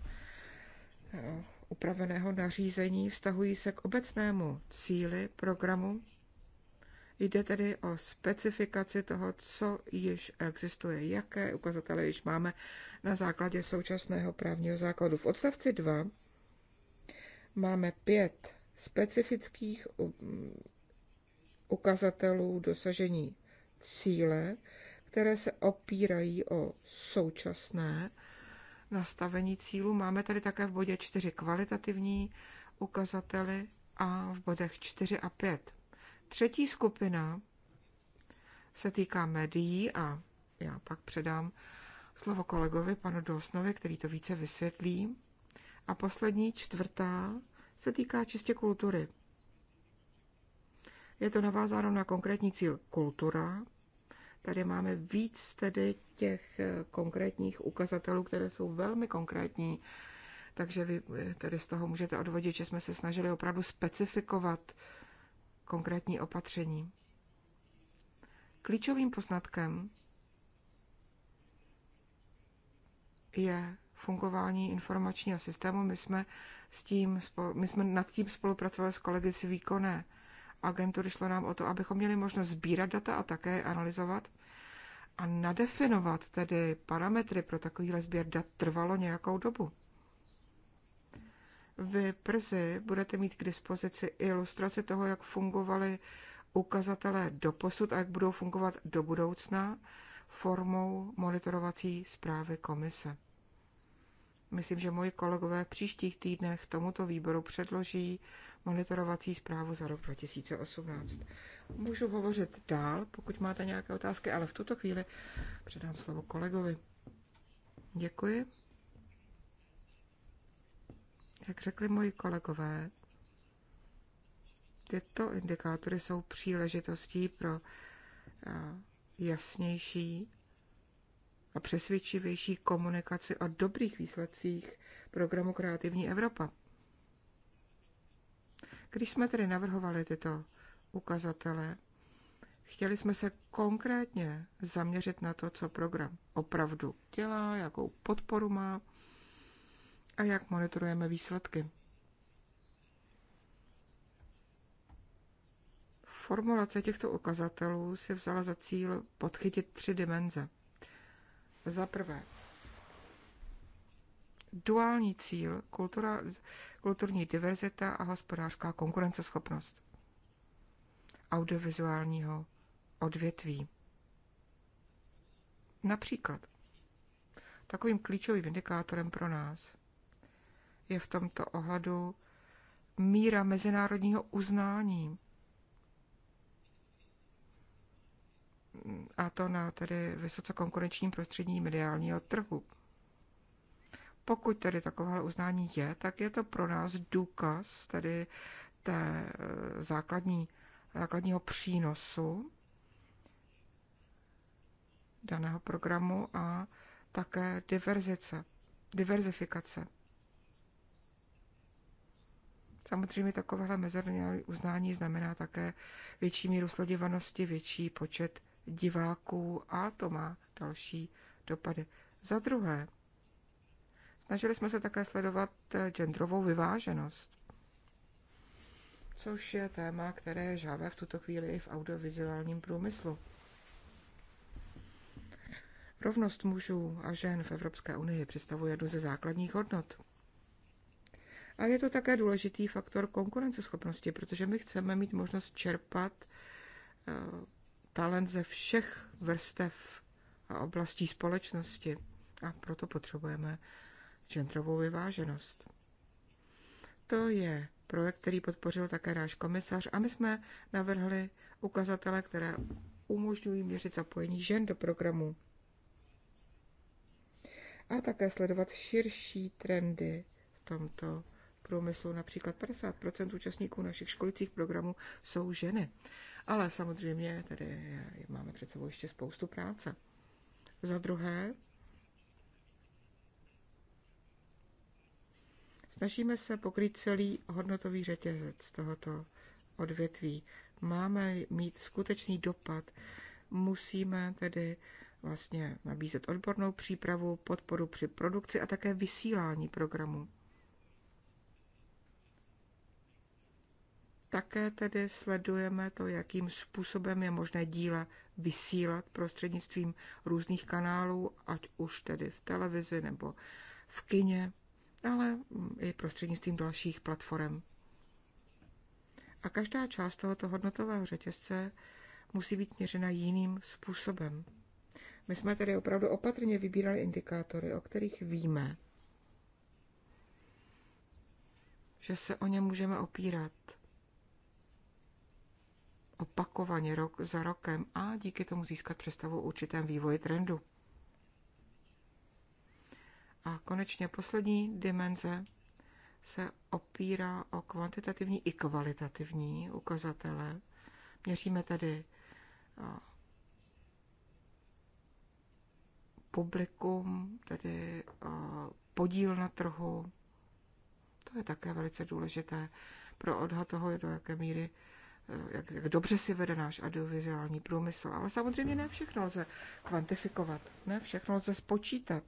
eh, upraveného nařízení, vztahují se k obecnému cíli programu. Jde tedy o specifikaci toho, co již existuje, jaké ukazatele již máme na základě současného právního základu. V odstavci 2 máme pět specifických ukazatelů dosažení cíle, které se opírají o současné nastavení cílu. Máme tady také v bodě 4 kvalitativní ukazateli a v bodech 4 a 5. Třetí skupina se týká médií a já pak předám slovo kolegovi panu Dosnovi, který to více vysvětlí. A poslední, čtvrtá, se týká čistě kultury je to navázáno na konkrétní cíl kultura. Tady máme víc tedy těch eh, konkrétních ukazatelů, které jsou velmi konkrétní, takže vy eh, tedy z toho můžete odvodit, že jsme se snažili opravdu specifikovat konkrétní opatření. Klíčovým poznatkem je fungování informačního systému. My jsme, s tím, my jsme nad tím spolupracovali s kolegy z výkonné agentury šlo nám o to, abychom měli možnost sbírat data a také je analyzovat. A nadefinovat tedy parametry pro takovýhle sběr dat trvalo nějakou dobu. Vy przy budete mít k dispozici ilustraci toho, jak fungovaly ukazatele posud, a jak budou fungovat do budoucna formou monitorovací zprávy komise. Myslím, že moji kolegové v příštích týdnech tomuto výboru předloží monitorovací zprávu za rok 2018. Můžu hovořit dál, pokud máte nějaké otázky, ale v tuto chvíli předám slovo kolegovi. Děkuji. Jak řekli moji kolegové, tyto indikátory jsou příležitostí pro eh, jasnější a přesvědčivější komunikaci o dobrých výsledcích programu Kreativní Evropa. Když jsme tedy navrhovali tyto ukazatele, chtěli jsme se konkrétně zaměřit na to, co program opravdu dělá, jakou podporu má a jak monitorujeme výsledky. Formulace těchto ukazatelů si vzala za cíl podchytit tři dimenze. Za prvé, duální cíl kultura, kulturní diverzita a hospodářská konkurenceschopnost audiovizuálního odvětví. Například takovým klíčovým indikátorem pro nás je v tomto ohledu míra mezinárodního uznání. A to na tedy vysoce konkurenčním prostředí mediálního trhu. Pokud tedy takové uznání je, tak je to pro nás důkaz tedy té eh, základní, základního přínosu daného programu a také diverzice, diverzifikace. Samozřejmě takovéhle mezerné uznání znamená také větší míru sledovanosti, větší počet diváků a to má další dopady. Za druhé, Snažili jsme se také sledovat eh, genderovou vyváženost, což je téma, které je žávé v tuto chvíli i v audiovizuálním průmyslu. Rovnost mužů a žen v Evropské unii představuje jednu ze základních hodnot. A je to také důležitý faktor konkurenceschopnosti, protože my chceme mít možnost čerpat eh, talent ze všech vrstev a oblastí společnosti. A proto potřebujeme genderovou vyváženost. To je projekt, který podpořil také náš komisař a my jsme navrhli ukazatele, které umožňují měřit zapojení žen do programu a také sledovat širší trendy v tomto průmyslu. Například 50% účastníků našich školicích programů jsou ženy. Ale samozřejmě tady máme před sebou ještě spoustu práce. Za druhé, Snažíme se pokrýt celý hodnotový řetězec tohoto odvětví. Máme mít skutečný dopad. Musíme tedy vlastně nabízet odbornou přípravu, podporu při produkci a také vysílání programu. Také tedy sledujeme to, jakým způsobem je možné díla vysílat prostřednictvím různých kanálů, ať už tedy v televizi nebo v kině ale i prostřednictvím dalších platform. A každá část tohoto hodnotového řetězce musí být měřena jiným způsobem. My jsme tedy opravdu opatrně vybírali indikátory, o kterých víme, že se o ně můžeme opírat opakovaně rok za rokem a díky tomu získat představu o určitém vývoji trendu. A konečně poslední dimenze se opírá o kvantitativní i kvalitativní ukazatele. Měříme tedy publikum, tedy podíl na trhu. To je také velice důležité pro odhad toho, do jaké míry, e, jak, jak dobře si vede náš audiovizuální průmysl. Ale samozřejmě ne všechno lze kvantifikovat, ne všechno lze spočítat.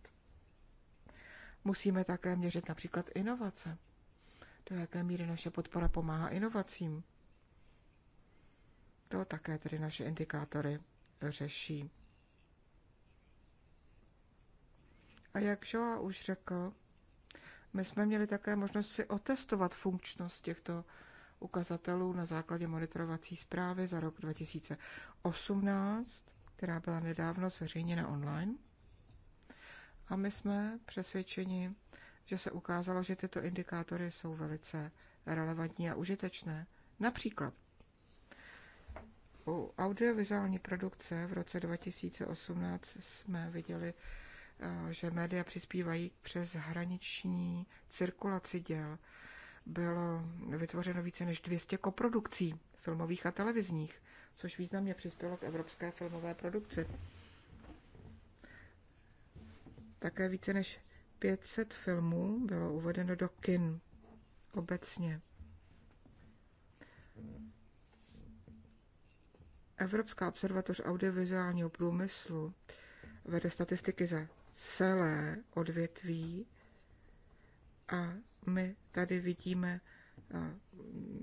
Musíme také měřit například inovace. Do jaké míry naše podpora pomáhá inovacím. To také tedy naše indikátory řeší. A jak Joa už řekl, my jsme měli také možnost si otestovat funkčnost těchto ukazatelů na základě monitorovací zprávy za rok 2018, která byla nedávno zveřejněna online. A my jsme přesvědčeni, že se ukázalo, že tyto indikátory jsou velice relevantní a užitečné. Například u audiovizuální produkce v roce 2018 jsme viděli, eh, že média přispívají přes hraniční cirkulaci děl. Bylo vytvořeno více než 200 koprodukcí filmových a televizních, což významně přispělo k evropské filmové produkci. Také více než 500 filmů bylo uvedeno do kin obecně. Evropská observatoř audiovizuálního průmyslu vede statistiky za celé odvětví a my tady vidíme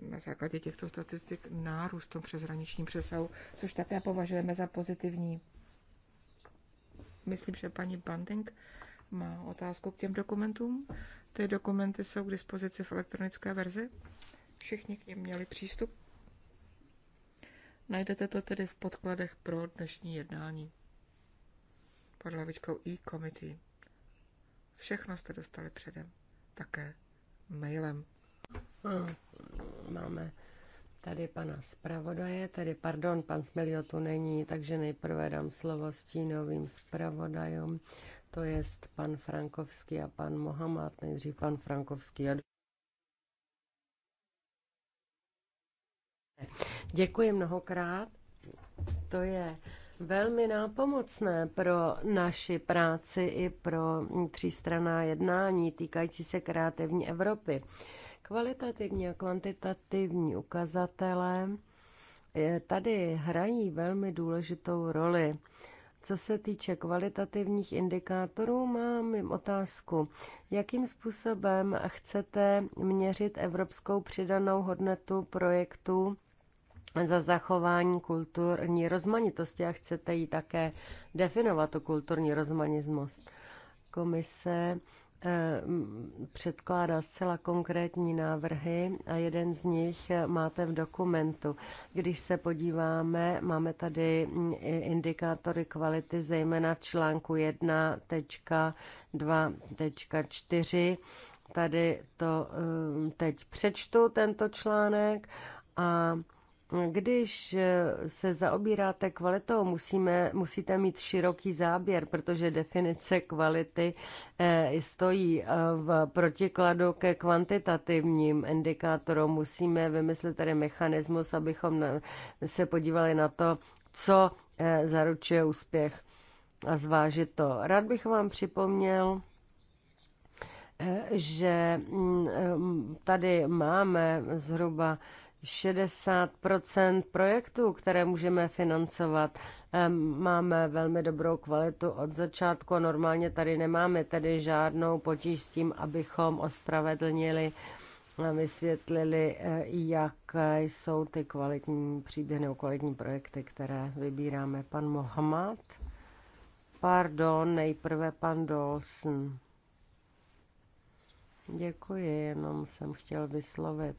na základě těchto statistik nárůst v tom přeshraničním přesahu, což také považujeme za pozitivní myslím, že paní Banding má otázku k těm dokumentům. Ty dokumenty jsou k dispozici v elektronické verzi. Všichni k nim měli přístup. Najdete to tedy v podkladech pro dnešní jednání pod hlavičkou e-committee. Všechno jste dostali předem, také mailem. Máme tady pana zpravodaje, tady pardon, pan Smelio tu není, takže nejprve dám slovo stínovým zpravodajům, to jest pan Frankovský a pan Mohamad. nejdřív pan Frankovský. Děkuji mnohokrát, to je velmi nápomocné pro naši práci i pro třístraná jednání týkající se kreativní Evropy. Kvalitativní a kvantitativní ukazatele eh, tady hrají velmi důležitou roli. Co se týče kvalitativních indikátorů, mám jim otázku. Jakým způsobem chcete měřit evropskou přidanou hodnotu projektu za zachování kulturní rozmanitosti a chcete ji také definovat, tu kulturní rozmanitost? Komise Eh, předkládá zcela konkrétní návrhy a jeden z nich eh, máte v dokumentu. Když se podíváme, máme tady mm, indikátory kvality, zejména v článku 1.2.4. Tady to eh, teď přečtu, tento článek, a když eh, se zaobíráte kvalitou, musíme, musíte mít široký záběr, protože definice kvality eh, stojí eh, v protikladu ke kvantitativním indikátorům. Musíme vymyslet tady mechanismus, abychom se podívali na to, co zaručuje úspěch a zvážit to. Rád bych vám připomněl, že mm, tady máme zhruba 60 projektů, které můžeme financovat, máme velmi dobrou kvalitu od začátku. Normálně tady nemáme tedy žádnou potíž s tím, abychom ospravedlnili a vysvětlili, e, jak jsou ty kvalitní příběhy nebo kvalitní projekty, které vybíráme. Pan Mohamad, pardon, nejprve pan Dolson. Děkuji, jenom jsem chtěl vyslovit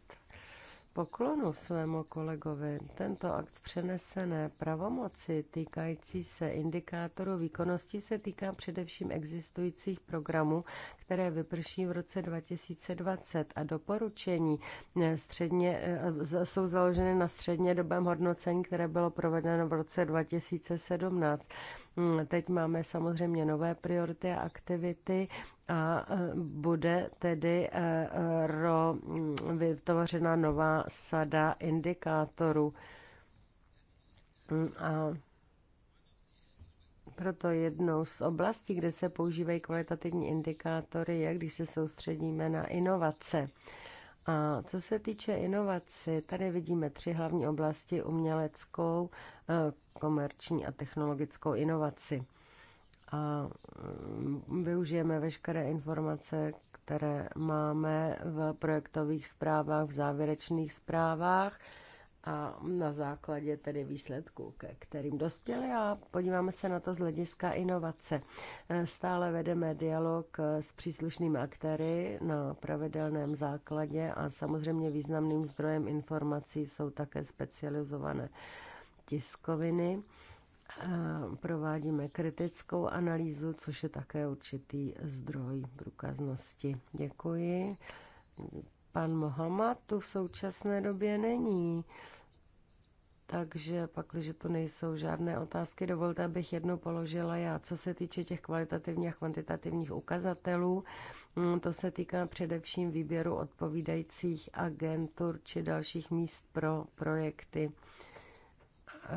poklonu svému kolegovi. Tento akt přenesené pravomoci týkající se indikátoru výkonnosti se týká především existujících programů, které vyprší v roce 2020 a doporučení eh, středně, eh, jsou založeny na střednědobém hodnocení, které bylo provedeno v roce 2017. Mm, teď máme samozřejmě nové priority a aktivity a eh, bude tedy mm, vytvořena nová sada indikátorů. Mm, a proto jednou z oblastí, kde se používají kvalitativní indikátory, je, když se soustředíme na inovace. A co se týče inovací, tady vidíme tři hlavní oblasti uměleckou, eh, komerční a technologickou inovaci. A mm, využijeme veškeré informace, které máme v projektových zprávách, v závěrečných zprávách a na základě tedy výsledků, ke kterým dospěli a podíváme se na to z hlediska inovace. E, stále vedeme dialog e, s příslušnými aktéry na pravidelném základě a samozřejmě významným zdrojem informací jsou také specializované tiskoviny. E, provádíme kritickou analýzu, což je také určitý zdroj průkaznosti. Děkuji. Pan Mohamad tu v současné době není. Takže pak, když tu nejsou žádné otázky, dovolte, abych jedno položila já. Co se týče těch kvalitativních a kvantitativních ukazatelů, mm, to se týká především výběru odpovídajících agentur či dalších míst pro projekty. Eh,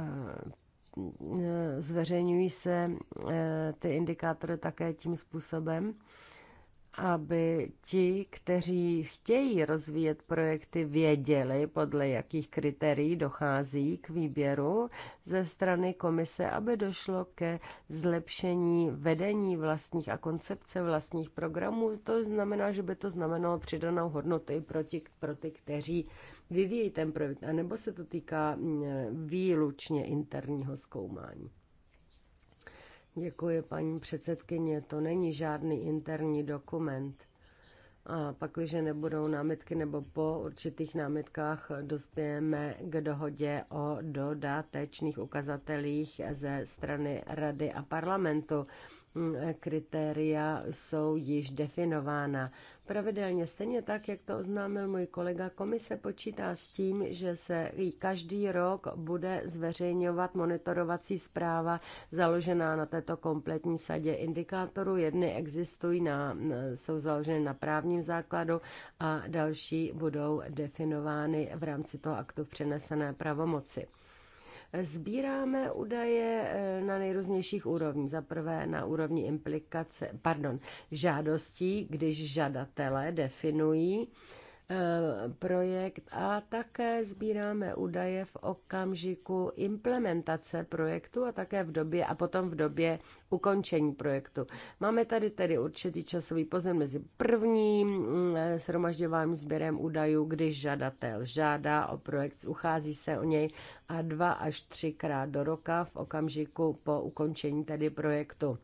mm, eh, zveřejňují se eh, ty indikátory také tím způsobem, aby ti, kteří chtějí rozvíjet projekty, věděli, podle jakých kritérií dochází k výběru ze strany komise, aby došlo ke zlepšení vedení vlastních a koncepce vlastních programů. To znamená, že by to znamenalo přidanou hodnotu i pro ti, pro ty kteří vyvíjí ten projekt, anebo se to týká mm, výlučně interního zkoumání. Děkuji, paní předsedkyně. To není žádný interní dokument. A pak, když nebudou námitky nebo po určitých námitkách dospějeme k dohodě o dodatečných ukazatelích ze strany Rady a parlamentu kritéria jsou již definována. Pravidelně stejně tak, jak to oznámil můj kolega, komise počítá s tím, že se každý rok bude zveřejňovat monitorovací zpráva založená na této kompletní sadě indikátorů. Jedny existují, na, jsou založeny na právním základu a další budou definovány v rámci toho aktu v přenesené pravomoci. Sbíráme údaje eh, na nejrůznějších úrovních. Za prvé na úrovni implikace, pardon, žádostí, když žadatelé definují Eh, projekt a také sbíráme údaje v okamžiku implementace projektu a také v době a potom v době ukončení projektu. Máme tady tedy určitý časový pozem mezi prvním mm, eh, shromažďováním sběrem údajů, když žadatel žádá o projekt, uchází se o něj a dva až třikrát do roka v okamžiku po ukončení tedy projektu.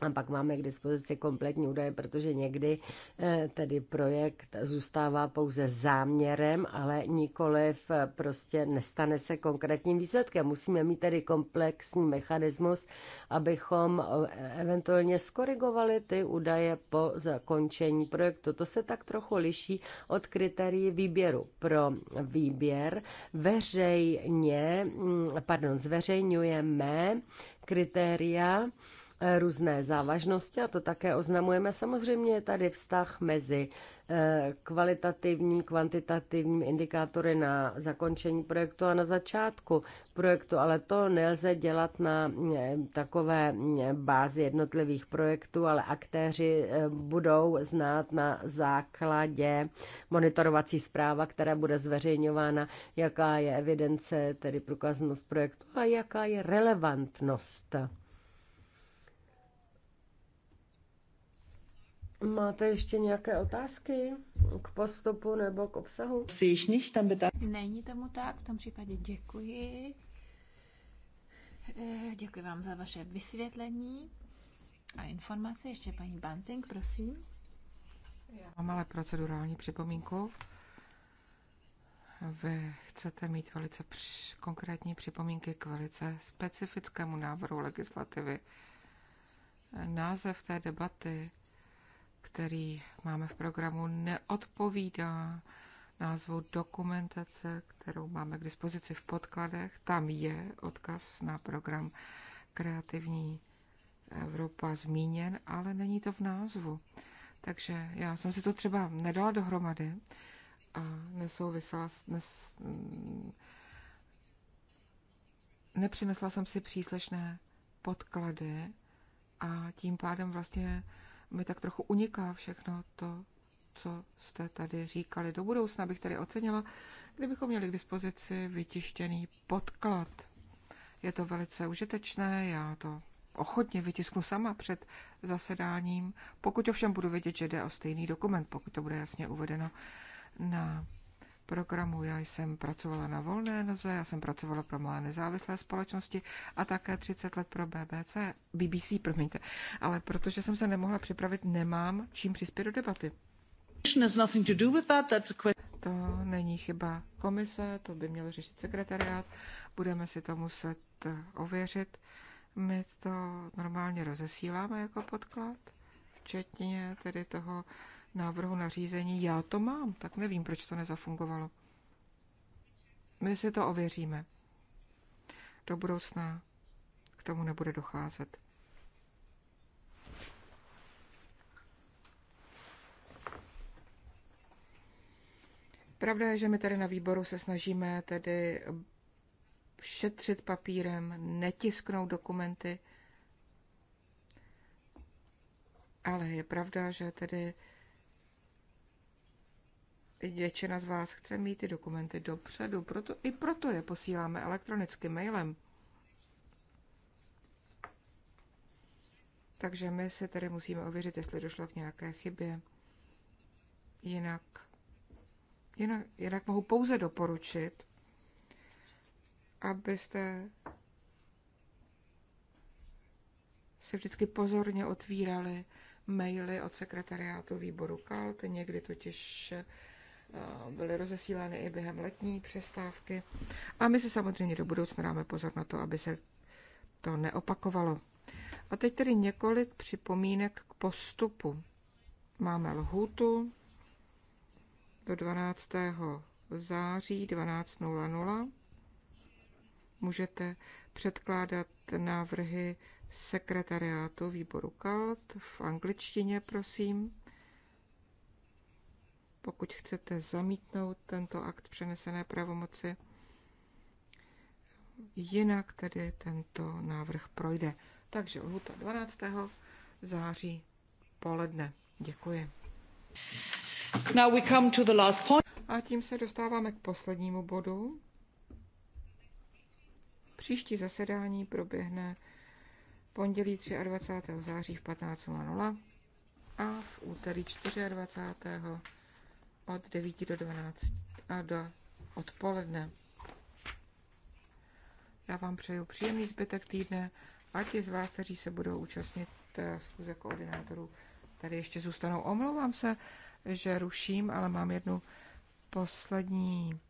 A pak máme k dispozici kompletní údaje, protože někdy eh, tedy projekt zůstává pouze záměrem, ale nikoliv eh, prostě nestane se konkrétním výsledkem. Musíme mít tedy komplexní mechanismus, abychom eh, eventuálně skorigovali ty údaje po zakončení projektu. To se tak trochu liší od kritérií výběru. Pro výběr veřejně, mm, pardon, zveřejňujeme kritéria, různé závažnosti a to také oznamujeme. Samozřejmě je tady vztah mezi eh, kvalitativním, kvantitativním indikátory na zakončení projektu a na začátku projektu, ale to nelze dělat na eh, takové eh, bázi jednotlivých projektů, ale aktéři budou znát na základě monitorovací zpráva, která bude zveřejňována, jaká je evidence, tedy průkaznost projektu a jaká je relevantnost Máte ještě nějaké otázky k postupu nebo k obsahu? Není tomu tak, v tom případě děkuji. Eh, děkuji vám za vaše vysvětlení a informace. Ještě paní Banting, prosím. Já mám ale procedurální připomínku. Vy chcete mít velice konkrétní připomínky k velice specifickému návrhu legislativy. Název té debaty který máme v programu, neodpovídá názvu dokumentace, kterou máme k dispozici v podkladech. Tam je odkaz na program Kreativní Evropa zmíněn, ale není to v názvu. Takže já jsem si to třeba nedala dohromady a nesouvisela, nes, nepřinesla jsem si příslušné podklady a tím pádem vlastně mi tak trochu uniká všechno to, co jste tady říkali. Do budoucna bych tady ocenila, kdybychom měli k dispozici vytištěný podklad. Je to velice užitečné, já to ochotně vytisknu sama před zasedáním, pokud ovšem budu vědět, že jde o stejný dokument, pokud to bude jasně uvedeno na programu. Já jsem pracovala na volné noze, já jsem pracovala pro malé nezávislé společnosti a také 30 let pro BBC, BBC, promiňte. Ale protože jsem se nemohla připravit, nemám čím přispět do debaty. To není chyba komise, to by měl řešit sekretariát. Budeme si to muset ověřit. My to normálně rozesíláme jako podklad, včetně tedy toho návrhu nařízení. Já to mám, tak nevím, proč to nezafungovalo. My si to ověříme. Do budoucna k tomu nebude docházet. Pravda je, že my tady na výboru se snažíme tedy šetřit papírem, netisknout dokumenty, ale je pravda, že tedy většina z vás chce mít ty dokumenty dopředu, proto, i proto je posíláme elektronicky mailem. Takže my se tady musíme ověřit, jestli došlo k nějaké chybě. Jinak, jinak, jinak mohu pouze doporučit, abyste si vždycky pozorně otvírali maily od sekretariátu výboru KALT, někdy totiž Eh, byly rozesílány i během letní přestávky. A my se samozřejmě do budoucna dáme pozor na to, aby se to neopakovalo. A teď tedy několik připomínek k postupu. Máme lhůtu do 12. září 12.00. Můžete předkládat návrhy sekretariátu výboru KALT v angličtině, prosím pokud chcete zamítnout tento akt přenesené pravomoci. Jinak tedy tento návrh projde. Takže lhuta 12. září poledne. Děkuji. Now we come to the last point. A tím se dostáváme k poslednímu bodu. Příští zasedání proběhne pondělí 23. září v 15.00 a v úterý 24 od 9 do 12 a do odpoledne. Já vám přeju příjemný zbytek týdne a ti z vás, kteří se budou účastnit zkuze eh, koordinátorů, tady ještě zůstanou. Omlouvám se, že ruším, ale mám jednu poslední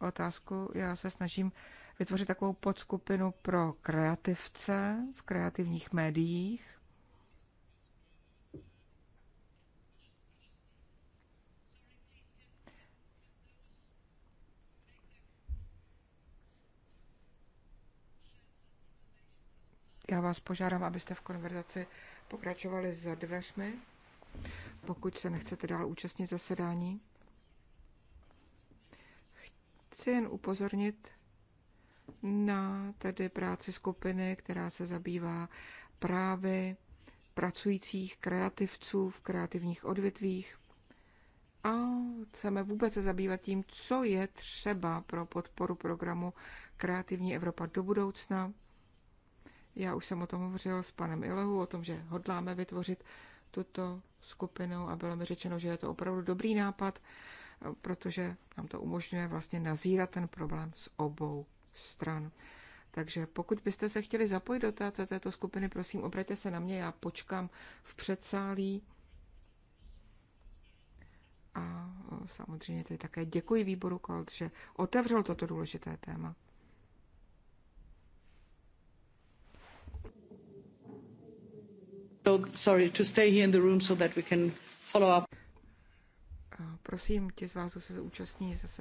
otázku. Já se snažím vytvořit takovou podskupinu pro kreativce v kreativních médiích. Já vás požádám, abyste v konverzaci pokračovali za dveřmi, pokud se nechcete dál účastnit zasedání. Chci jen upozornit na tedy práci skupiny, která se zabývá právě pracujících kreativců v kreativních odvětvích. A chceme vůbec se zabývat tím, co je třeba pro podporu programu Kreativní Evropa do budoucna. Já už jsem o tom hovořil s panem Ilehu, o tom, že hodláme vytvořit tuto skupinu a bylo mi řečeno, že je to opravdu dobrý nápad, protože nám to umožňuje vlastně nazírat ten problém z obou stran. Takže pokud byste se chtěli zapojit do té, této skupiny, prosím, obraťte se na mě, já počkám v předsálí. A samozřejmě tedy také děkuji výboru KOLT, že otevřel toto důležité téma. so, sorry, to stay here in the room so that Prosím, ti z vás, kdo se zúčastní zase